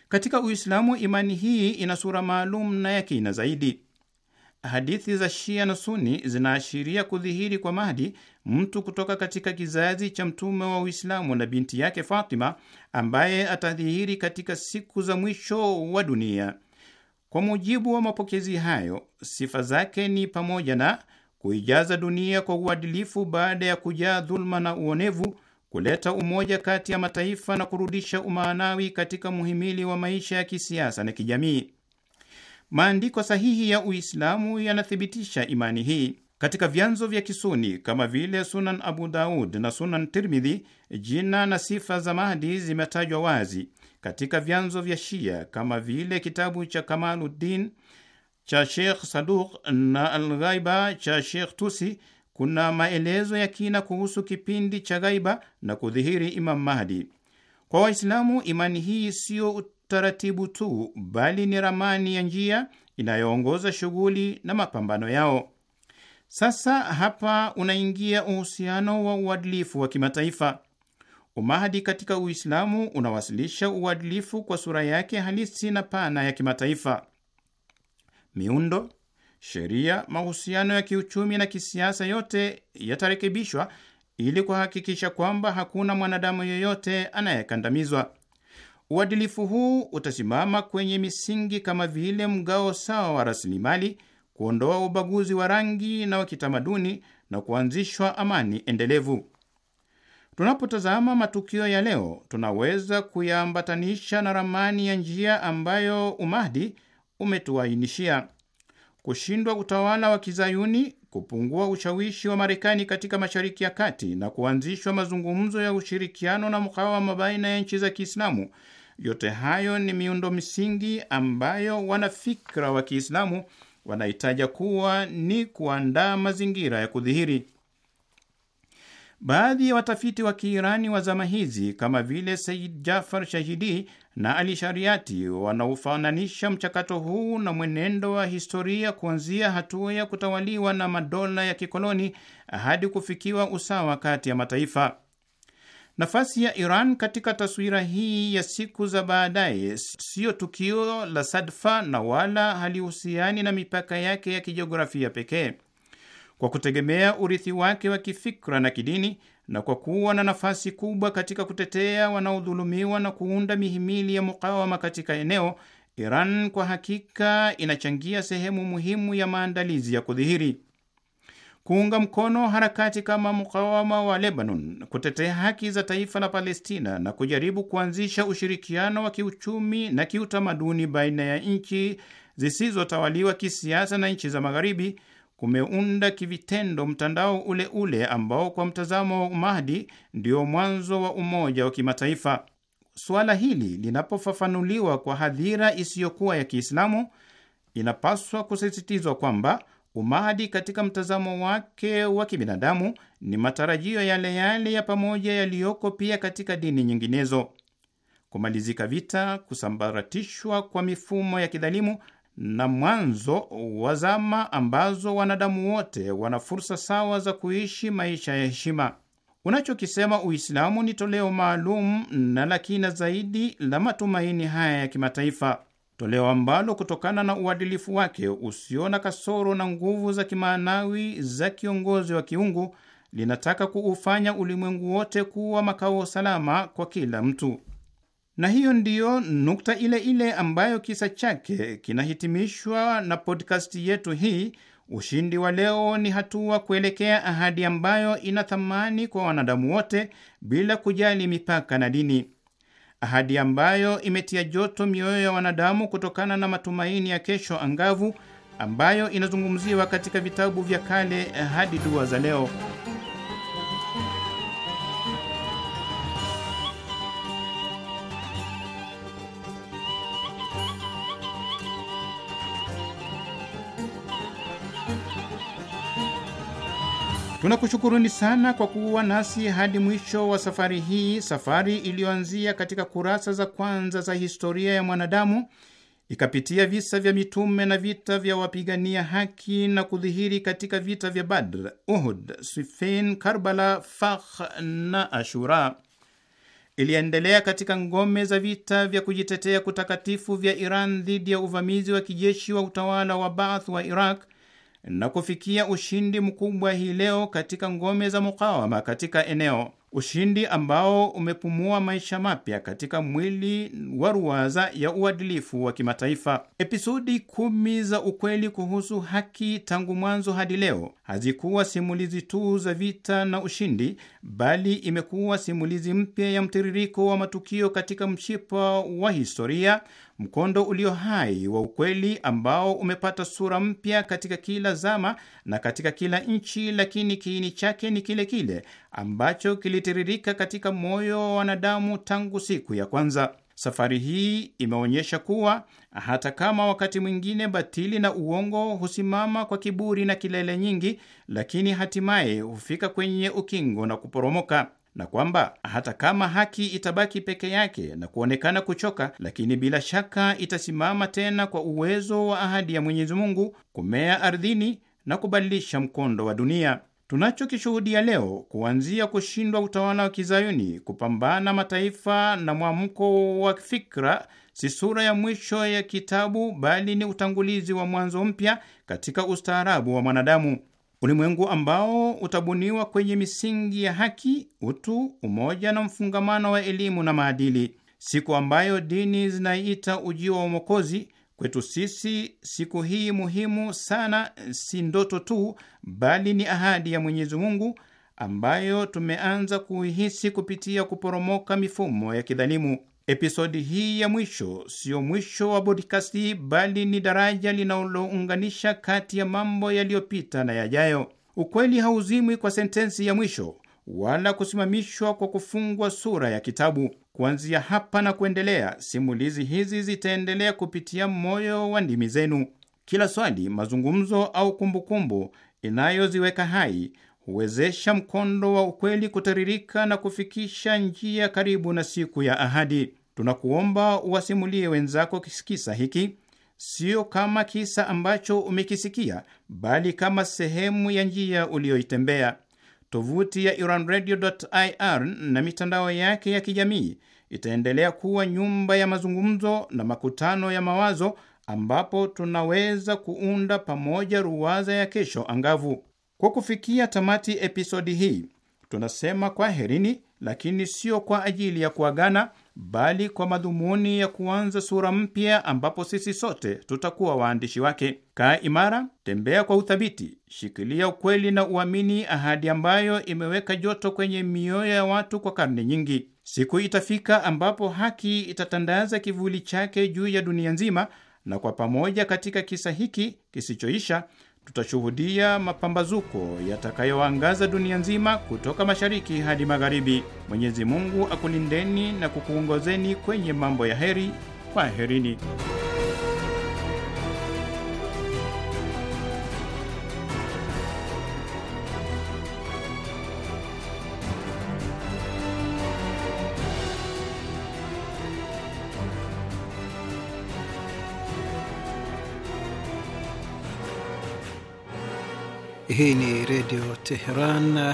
Katika Uislamu, imani hii ina sura maalum na ya kina zaidi. Hadithi za Shia na Suni zinaashiria kudhihiri kwa Mahdi, mtu kutoka katika kizazi cha mtume wa Uislamu na binti yake Fatima, ambaye atadhihiri katika siku za mwisho wa dunia. Kwa mujibu wa mapokezi hayo, sifa zake ni pamoja na kuijaza dunia kwa uadilifu baada ya kujaa dhuluma na uonevu, kuleta umoja kati ya mataifa na kurudisha umaanawi katika muhimili wa maisha ya kisiasa na kijamii. Maandiko sahihi ya Uislamu yanathibitisha imani hii. Katika vyanzo vya Kisuni kama vile Sunan Abu Daud na Sunan Tirmidhi, jina na sifa za Mahdi zimetajwa wazi. Katika vyanzo vya Shia kama vile kitabu cha Kamaluddin cha Sheikh Saduq na alghaiba cha Sheikh Tusi kuna maelezo ya kina kuhusu kipindi cha ghaiba na kudhihiri Imam Mahdi. Kwa Waislamu, imani hii siyo utaratibu tu, bali ni ramani ya njia inayoongoza shughuli na mapambano yao. Sasa hapa unaingia uhusiano wa uadilifu wa kimataifa. Umahdi katika Uislamu unawasilisha uadilifu kwa sura yake halisi na pana ya kimataifa. Miundo, sheria, mahusiano ya kiuchumi na kisiasa, yote yatarekebishwa ili kuhakikisha kwamba hakuna mwanadamu yeyote anayekandamizwa. Uadilifu huu utasimama kwenye misingi kama vile mgao sawa wa rasilimali kuondoa ubaguzi wa rangi na wa kitamaduni na kuanzishwa amani endelevu. Tunapotazama matukio ya leo, tunaweza kuyaambatanisha na ramani ya njia ambayo umahdi umetuainishia: kushindwa utawala wa Kizayuni, kupungua ushawishi wa Marekani katika Mashariki ya Kati na kuanzishwa mazungumzo ya ushirikiano na mkawama baina ya nchi za Kiislamu. Yote hayo ni miundo misingi ambayo wanafikra wa Kiislamu wanahitaja kuwa ni kuandaa mazingira ya kudhihiri. Baadhi ya watafiti wa Kiirani wa zama hizi kama vile Said Jafar Shahidi na Ali Shariati wanaofananisha mchakato huu na mwenendo wa historia kuanzia hatua ya kutawaliwa na madola ya kikoloni hadi kufikiwa usawa kati ya mataifa. Nafasi ya Iran katika taswira hii ya siku za baadaye siyo tukio la sadfa na wala halihusiani na mipaka yake ya kijiografia pekee. Kwa kutegemea urithi wake wa kifikra na kidini na kwa kuwa na nafasi kubwa katika kutetea wanaodhulumiwa na kuunda mihimili ya mukawama katika eneo, Iran kwa hakika inachangia sehemu muhimu ya maandalizi ya kudhihiri kuunga mkono harakati kama mukawama wa Lebanon, kutetea haki za taifa la Palestina na kujaribu kuanzisha ushirikiano wa kiuchumi na kiutamaduni baina ya nchi zisizotawaliwa kisiasa na nchi za Magharibi kumeunda kivitendo mtandao ule ule ambao kwa mtazamo wa umahdi ndio mwanzo wa umoja wa kimataifa. Suala hili linapofafanuliwa kwa hadhira isiyokuwa ya Kiislamu, inapaswa kusisitizwa kwamba Umahadi katika mtazamo wake wa kibinadamu ni matarajio yale yale ya pamoja yaliyoko pia katika dini nyinginezo: kumalizika vita, kusambaratishwa kwa mifumo ya kidhalimu na mwanzo wa zama ambazo wanadamu wote wana fursa sawa za kuishi maisha ya heshima. Unachokisema Uislamu ni toleo maalum na la kina zaidi la matumaini haya ya kimataifa toleo ambalo kutokana na uadilifu wake usio na kasoro na nguvu za kimaanawi za kiongozi wa kiungu linataka kuufanya ulimwengu wote kuwa makao salama kwa kila mtu. Na hiyo ndiyo nukta ile ile ambayo kisa chake kinahitimishwa na podcast yetu hii. Ushindi wa leo ni hatua kuelekea ahadi ambayo ina thamani kwa wanadamu wote bila kujali mipaka na dini ahadi ambayo imetia joto mioyo ya wanadamu kutokana na matumaini ya kesho angavu ambayo inazungumziwa katika vitabu vya kale hadi dua za leo. Tunakushukuruni sana kwa kuwa nasi hadi mwisho wa safari hii, safari iliyoanzia katika kurasa za kwanza za historia ya mwanadamu ikapitia visa vya mitume na vita vya wapigania haki na kudhihiri katika vita vya Badr, Uhud, Siffin, Karbala, Fakh na Ashura. Iliendelea katika ngome za vita vya kujitetea kutakatifu vya Iran dhidi ya uvamizi wa kijeshi wa utawala wa Baath wa Iraq na kufikia ushindi mkubwa hii leo katika ngome za mukawama katika eneo ushindi ambao umepumua maisha mapya katika mwili wa ruwaza ya uadilifu wa kimataifa. Episodi kumi za ukweli kuhusu haki tangu mwanzo hadi leo hazikuwa simulizi tu za vita na ushindi, bali imekuwa simulizi mpya ya mtiririko wa matukio katika mshipa wa historia, mkondo ulio hai wa ukweli ambao umepata sura mpya katika kila zama na katika kila nchi, lakini kiini chake ni kile kile ambacho kilitiririka katika moyo wa wanadamu tangu siku ya kwanza. Safari hii imeonyesha kuwa hata kama wakati mwingine batili na uongo husimama kwa kiburi na kilele nyingi, lakini hatimaye hufika kwenye ukingo na kuporomoka, na kwamba hata kama haki itabaki peke yake na kuonekana kuchoka, lakini bila shaka itasimama tena kwa uwezo wa ahadi ya Mwenyezi Mungu kumea ardhini na kubadilisha mkondo wa dunia. Tunachokishuhudia leo kuanzia kushindwa utawala wa kizayuni kupambana mataifa na mwamko wa fikra si sura ya mwisho ya kitabu, bali ni utangulizi wa mwanzo mpya katika ustaarabu wa mwanadamu, ulimwengu ambao utabuniwa kwenye misingi ya haki, utu, umoja na mfungamano wa elimu na maadili, siku ambayo dini zinaita ujio wa Mwokozi Kwetu sisi siku hii muhimu sana si ndoto tu, bali ni ahadi ya Mwenyezi Mungu ambayo tumeanza kuihisi kupitia kuporomoka mifumo ya kidhalimu. Episodi hii ya mwisho siyo mwisho wa bodikasti, bali ni daraja linalounganisha kati ya mambo yaliyopita na yajayo. Ukweli hauzimwi kwa sentensi ya mwisho wala kusimamishwa kwa kufungwa sura ya kitabu. Kuanzia hapa na kuendelea, simulizi hizi zitaendelea kupitia moyo wa ndimi zenu. Kila swali, mazungumzo au kumbukumbu inayoziweka hai huwezesha mkondo wa ukweli kutiririka na kufikisha njia karibu na siku ya ahadi. Tunakuomba uwasimulie wenzako kisa hiki sio kama kisa ambacho umekisikia, bali kama sehemu ya njia uliyoitembea. Tovuti ya iranradio.ir na mitandao yake ya kijamii itaendelea kuwa nyumba ya mazungumzo na makutano ya mawazo ambapo tunaweza kuunda pamoja ruwaza ya kesho angavu. Kwa kufikia tamati episodi hii, tunasema kwaherini, lakini sio kwa ajili ya kuagana, bali kwa madhumuni ya kuanza sura mpya ambapo sisi sote tutakuwa waandishi wake. Kaa imara, tembea kwa uthabiti, shikilia ukweli na uamini ahadi ambayo imeweka joto kwenye mioyo ya watu kwa karne nyingi. Siku itafika ambapo haki itatandaza kivuli chake juu ya dunia nzima, na kwa pamoja, katika kisa hiki kisichoisha tutashuhudia mapambazuko yatakayoangaza dunia nzima kutoka mashariki hadi magharibi. Mwenyezi Mungu akulindeni na kukuongozeni kwenye mambo ya heri. kwa herini Hii ni Redio Teheran. Uh,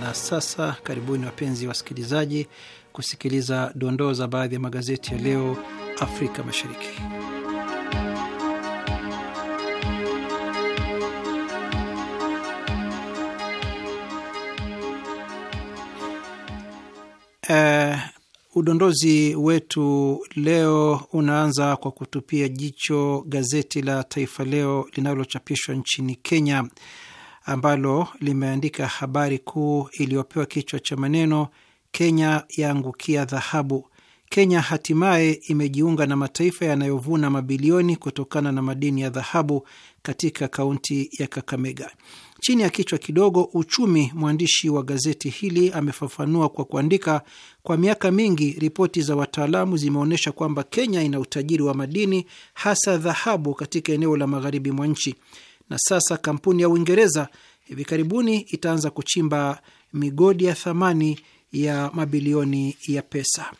na sasa karibuni wapenzi wasikilizaji kusikiliza dondoo za baadhi ya magazeti ya leo Afrika Mashariki. Uh, udondozi wetu leo unaanza kwa kutupia jicho gazeti la Taifa Leo linalochapishwa nchini Kenya ambalo limeandika habari kuu iliyopewa kichwa cha maneno Kenya yaangukia dhahabu. Kenya hatimaye imejiunga na mataifa yanayovuna mabilioni kutokana na madini ya dhahabu katika kaunti ya Kakamega. Chini ya kichwa kidogo uchumi, mwandishi wa gazeti hili amefafanua kwa kuandika, kwa miaka mingi ripoti za wataalamu zimeonyesha kwamba Kenya ina utajiri wa madini hasa dhahabu katika eneo la magharibi mwa nchi na sasa kampuni ya Uingereza hivi karibuni itaanza kuchimba migodi ya thamani ya mabilioni ya pesa.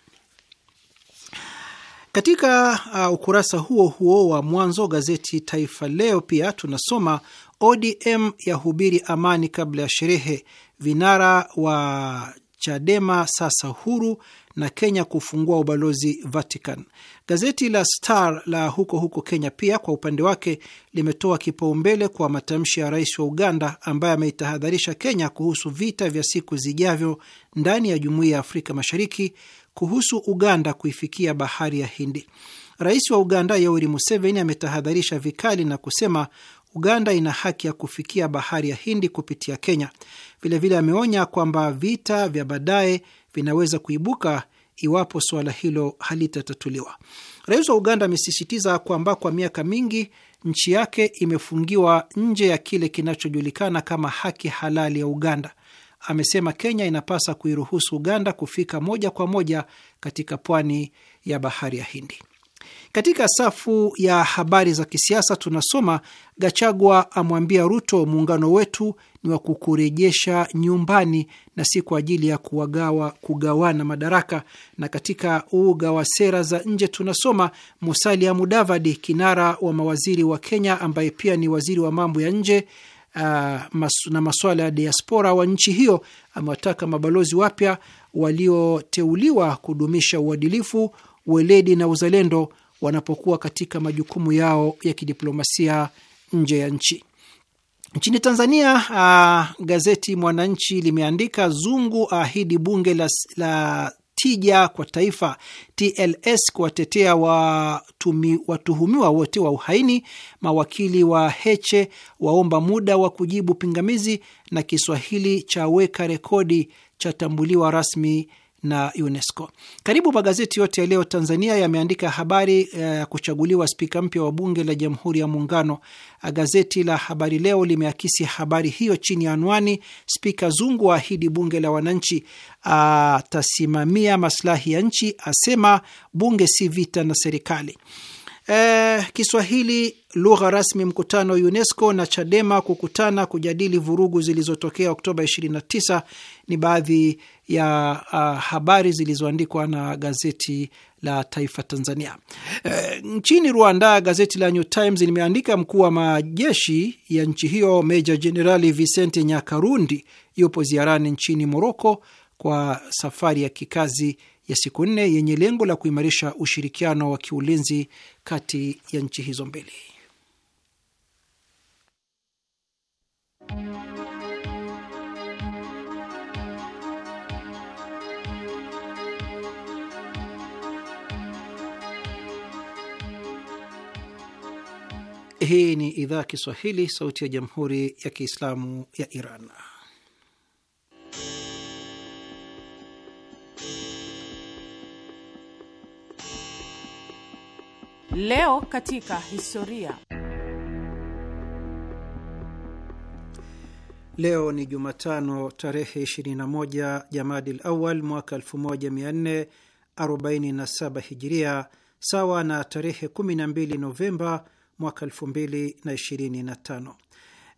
Katika uh, ukurasa huo huo wa mwanzo gazeti Taifa Leo pia tunasoma ODM yahubiri amani kabla ya sherehe, vinara wa Chadema sasa huru na Kenya kufungua ubalozi Vatican. Gazeti la Star la huko huko Kenya pia kwa upande wake limetoa kipaumbele kwa matamshi ya rais wa Uganda ambaye ameitahadharisha Kenya kuhusu vita vya siku zijavyo ndani ya jumuiya ya Afrika Mashariki kuhusu Uganda kuifikia bahari ya Hindi. Rais wa Uganda Yoweri Museveni ametahadharisha vikali na kusema Uganda ina haki ya kufikia bahari ya Hindi kupitia Kenya. Vilevile ameonya kwamba vita vya baadaye vinaweza kuibuka iwapo suala hilo halitatatuliwa. Rais wa Uganda amesisitiza kwamba kwa miaka mingi nchi yake imefungiwa nje ya kile kinachojulikana kama haki halali ya Uganda. Amesema Kenya inapasa kuiruhusu Uganda kufika moja kwa moja katika pwani ya bahari ya Hindi. Katika safu ya habari za kisiasa tunasoma Gachagua amwambia Ruto, muungano wetu ni wa kukurejesha nyumbani na si kwa ajili ya kuwagawa, kugawana madaraka. Na katika uga wa sera za nje tunasoma Musalia Mudavadi, kinara wa mawaziri wa Kenya ambaye pia ni waziri wa mambo ya nje uh, mas, na masuala ya diaspora wa nchi hiyo, amewataka mabalozi wapya walioteuliwa kudumisha uadilifu, weledi na uzalendo wanapokuwa katika majukumu yao ya kidiplomasia nje ya nchi. Nchini Tanzania, uh, gazeti Mwananchi limeandika Zungu ahidi bunge la, la tija kwa taifa, TLS kuwatetea watuhumiwa wote wa uhaini, mawakili wa Heche waomba muda wa kujibu pingamizi, na Kiswahili cha weka rekodi chatambuliwa rasmi na UNESCO. Karibu magazeti yote ya leo Tanzania yameandika habari ya eh, kuchaguliwa spika mpya wa bunge la Jamhuri ya Muungano. Gazeti la Habari Leo limeakisi habari hiyo chini ya anwani, Spika Zungu aahidi bunge la wananchi, atasimamia maslahi ya nchi, asema bunge si vita na serikali. Eh, Kiswahili lugha rasmi, mkutano wa UNESCO na Chadema kukutana kujadili vurugu zilizotokea Oktoba 29 ni baadhi ya uh, habari zilizoandikwa na gazeti la Taifa Tanzania. E, nchini Rwanda, gazeti la New Times limeandika mkuu wa majeshi ya nchi hiyo Meja Jenerali Vicente Nyakarundi yupo ziarani nchini Moroko kwa safari ya kikazi ya siku nne yenye lengo la kuimarisha ushirikiano wa kiulinzi kati ya nchi hizo mbili. Hii ni idhaa Kiswahili, sauti ya jamhuri ya kiislamu ya Iran. Leo katika historia. Leo ni Jumatano tarehe 21 Jamadil Awal mwaka 1447 Hijiria, sawa na tarehe 12 Novemba mwaka 2025.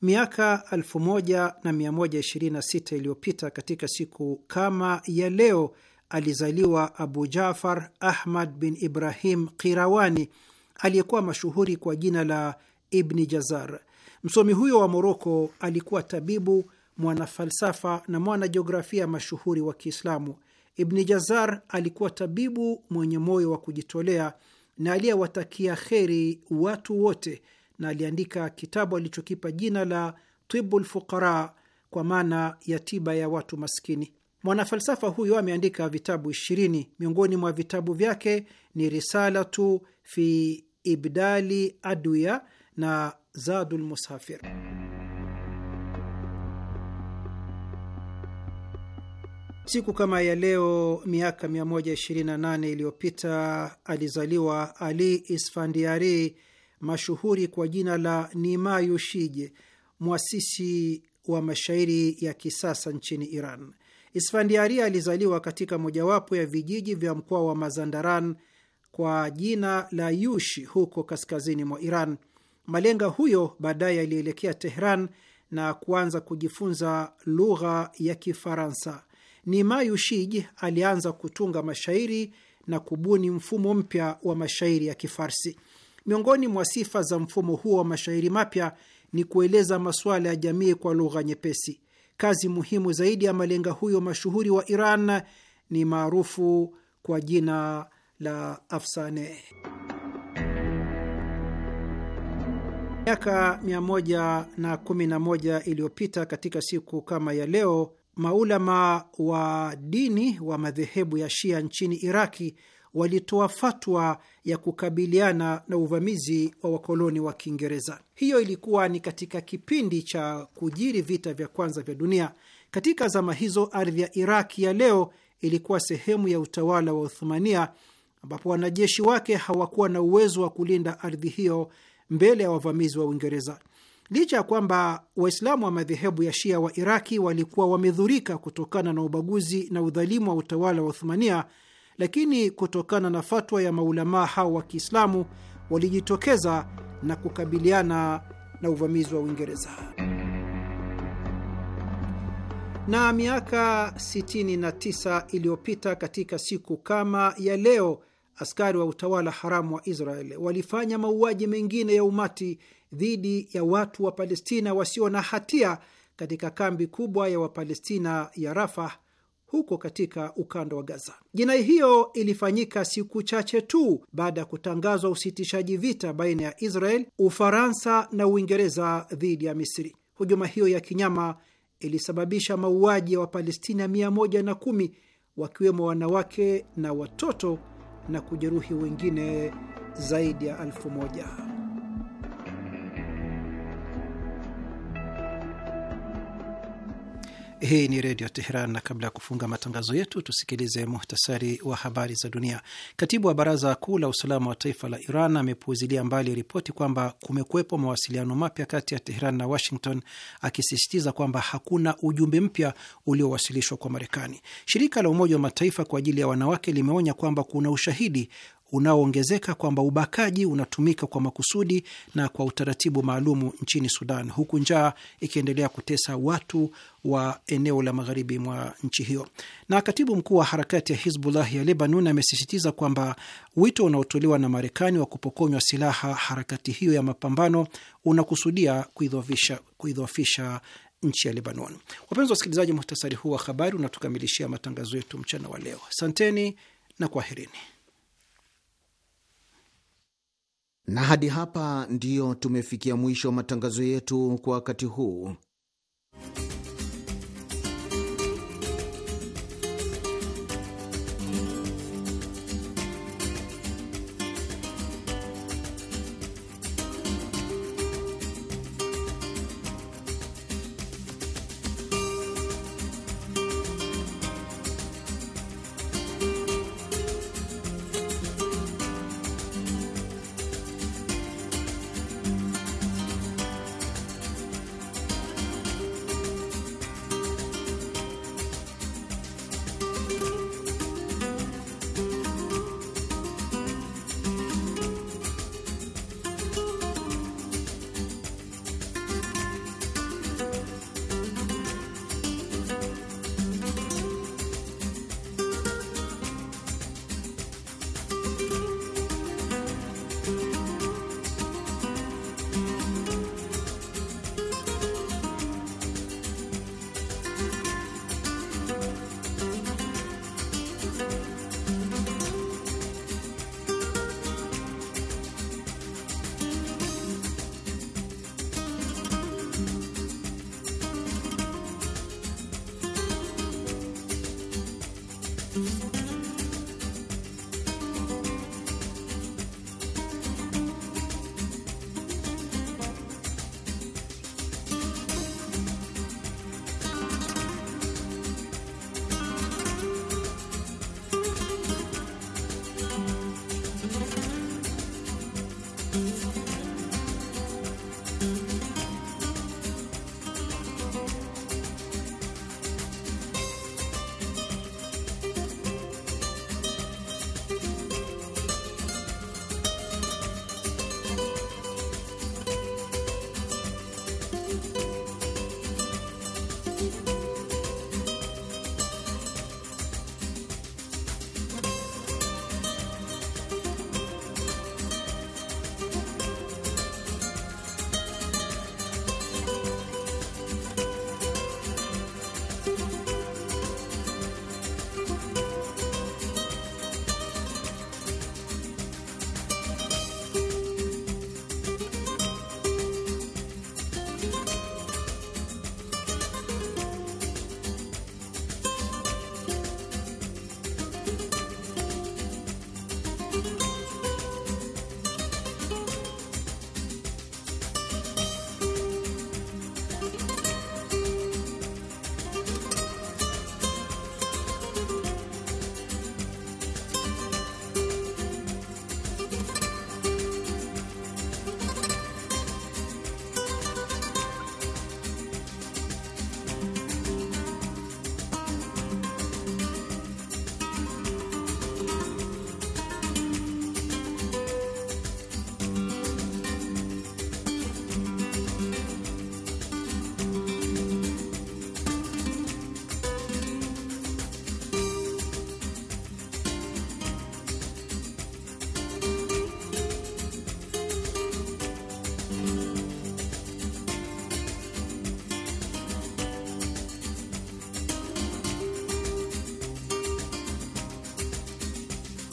Miaka 1126 iliyopita katika siku kama ya leo alizaliwa Abu Jafar Ahmad bin Ibrahim Qirawani aliyekuwa mashuhuri kwa jina la Ibni Jazar. Msomi huyo wa Moroko alikuwa tabibu, mwanafalsafa na mwanajiografia mashuhuri wa Kiislamu. Ibni Jazar alikuwa tabibu mwenye moyo wa kujitolea na aliyewatakia kheri watu wote, na aliandika kitabu alichokipa jina la Tibu lfuqara, kwa maana ya tiba ya watu maskini. Mwanafalsafa huyo ameandika vitabu ishirini. Miongoni mwa vitabu vyake ni Risalatu fi Ibdali Adwiya na Zadul Musafir. Siku kama ya leo miaka 128 iliyopita alizaliwa Ali Isfandiari, mashuhuri kwa jina la Nima Yushij, mwasisi wa mashairi ya kisasa nchini Iran. Isfandiari alizaliwa katika mojawapo ya vijiji vya mkoa wa Mazandaran kwa jina la Yushi huko kaskazini mwa Iran. Malenga huyo baadaye alielekea Tehran na kuanza kujifunza lugha ya Kifaransa. Nimayushij alianza kutunga mashairi na kubuni mfumo mpya wa mashairi ya Kifarsi. Miongoni mwa sifa za mfumo huo wa mashairi mapya ni kueleza masuala ya jamii kwa lugha nyepesi. Kazi muhimu zaidi ya malenga huyo mashuhuri wa Iran ni maarufu kwa jina la Afsane. Miaka 111 iliyopita katika siku kama ya leo maulama wa dini wa madhehebu ya Shia nchini Iraki walitoa fatwa ya kukabiliana na uvamizi wa wakoloni wa Kiingereza. Hiyo ilikuwa ni katika kipindi cha kujiri vita vya kwanza vya dunia. Katika zama hizo, ardhi ya Iraki ya leo ilikuwa sehemu ya utawala wa Uthumania, ambapo wanajeshi wake hawakuwa na uwezo wa kulinda ardhi hiyo mbele ya wavamizi wa Uingereza. Licha ya kwamba Waislamu wa madhehebu ya Shia wa Iraki walikuwa wamedhurika kutokana na ubaguzi na udhalimu wa utawala wa uthmania lakini kutokana na fatwa ya maulamaa hao wa Kiislamu walijitokeza na kukabiliana na uvamizi wa Uingereza. Na miaka 69 iliyopita katika siku kama ya leo askari wa utawala haramu wa Israel walifanya mauaji mengine ya umati dhidi ya watu wa Palestina wasio na hatia katika kambi kubwa ya Wapalestina ya rafa huko katika ukanda wa Gaza. Jinai hiyo ilifanyika siku chache tu baada ya kutangazwa usitishaji vita baina ya Israel, Ufaransa na Uingereza dhidi ya Misri. Hujuma hiyo ya kinyama ilisababisha mauaji ya Wapalestina 110 wakiwemo wanawake na watoto na kujeruhi wengine zaidi ya elfu moja. Hii ni Redio Teheran, na kabla ya kufunga matangazo yetu tusikilize muhtasari wa habari za dunia. Katibu wa Baraza Kuu la Usalama wa Taifa la Iran amepuuzilia mbali ripoti kwamba kumekuwepo mawasiliano mapya kati ya Teheran na Washington, akisisitiza kwamba hakuna ujumbe mpya uliowasilishwa kwa Marekani. Shirika la Umoja wa Mataifa kwa ajili ya wanawake limeonya kwamba kuna ushahidi unaoongezeka kwamba ubakaji unatumika kwa makusudi na kwa utaratibu maalumu nchini Sudan, huku njaa ikiendelea kutesa watu wa eneo la magharibi mwa nchi hiyo. Na katibu mkuu wa harakati ya Hizbullah ya Lebanon amesisitiza kwamba wito unaotolewa na Marekani wa kupokonywa silaha harakati hiyo ya mapambano unakusudia kuidhoofisha nchi ya Lebanon. Wapenzi wasikilizaji, muhtasari huu wa habari unatukamilishia matangazo yetu mchana wa leo. Asanteni na kwaherini. Na hadi hapa ndiyo tumefikia mwisho wa matangazo yetu kwa wakati huu.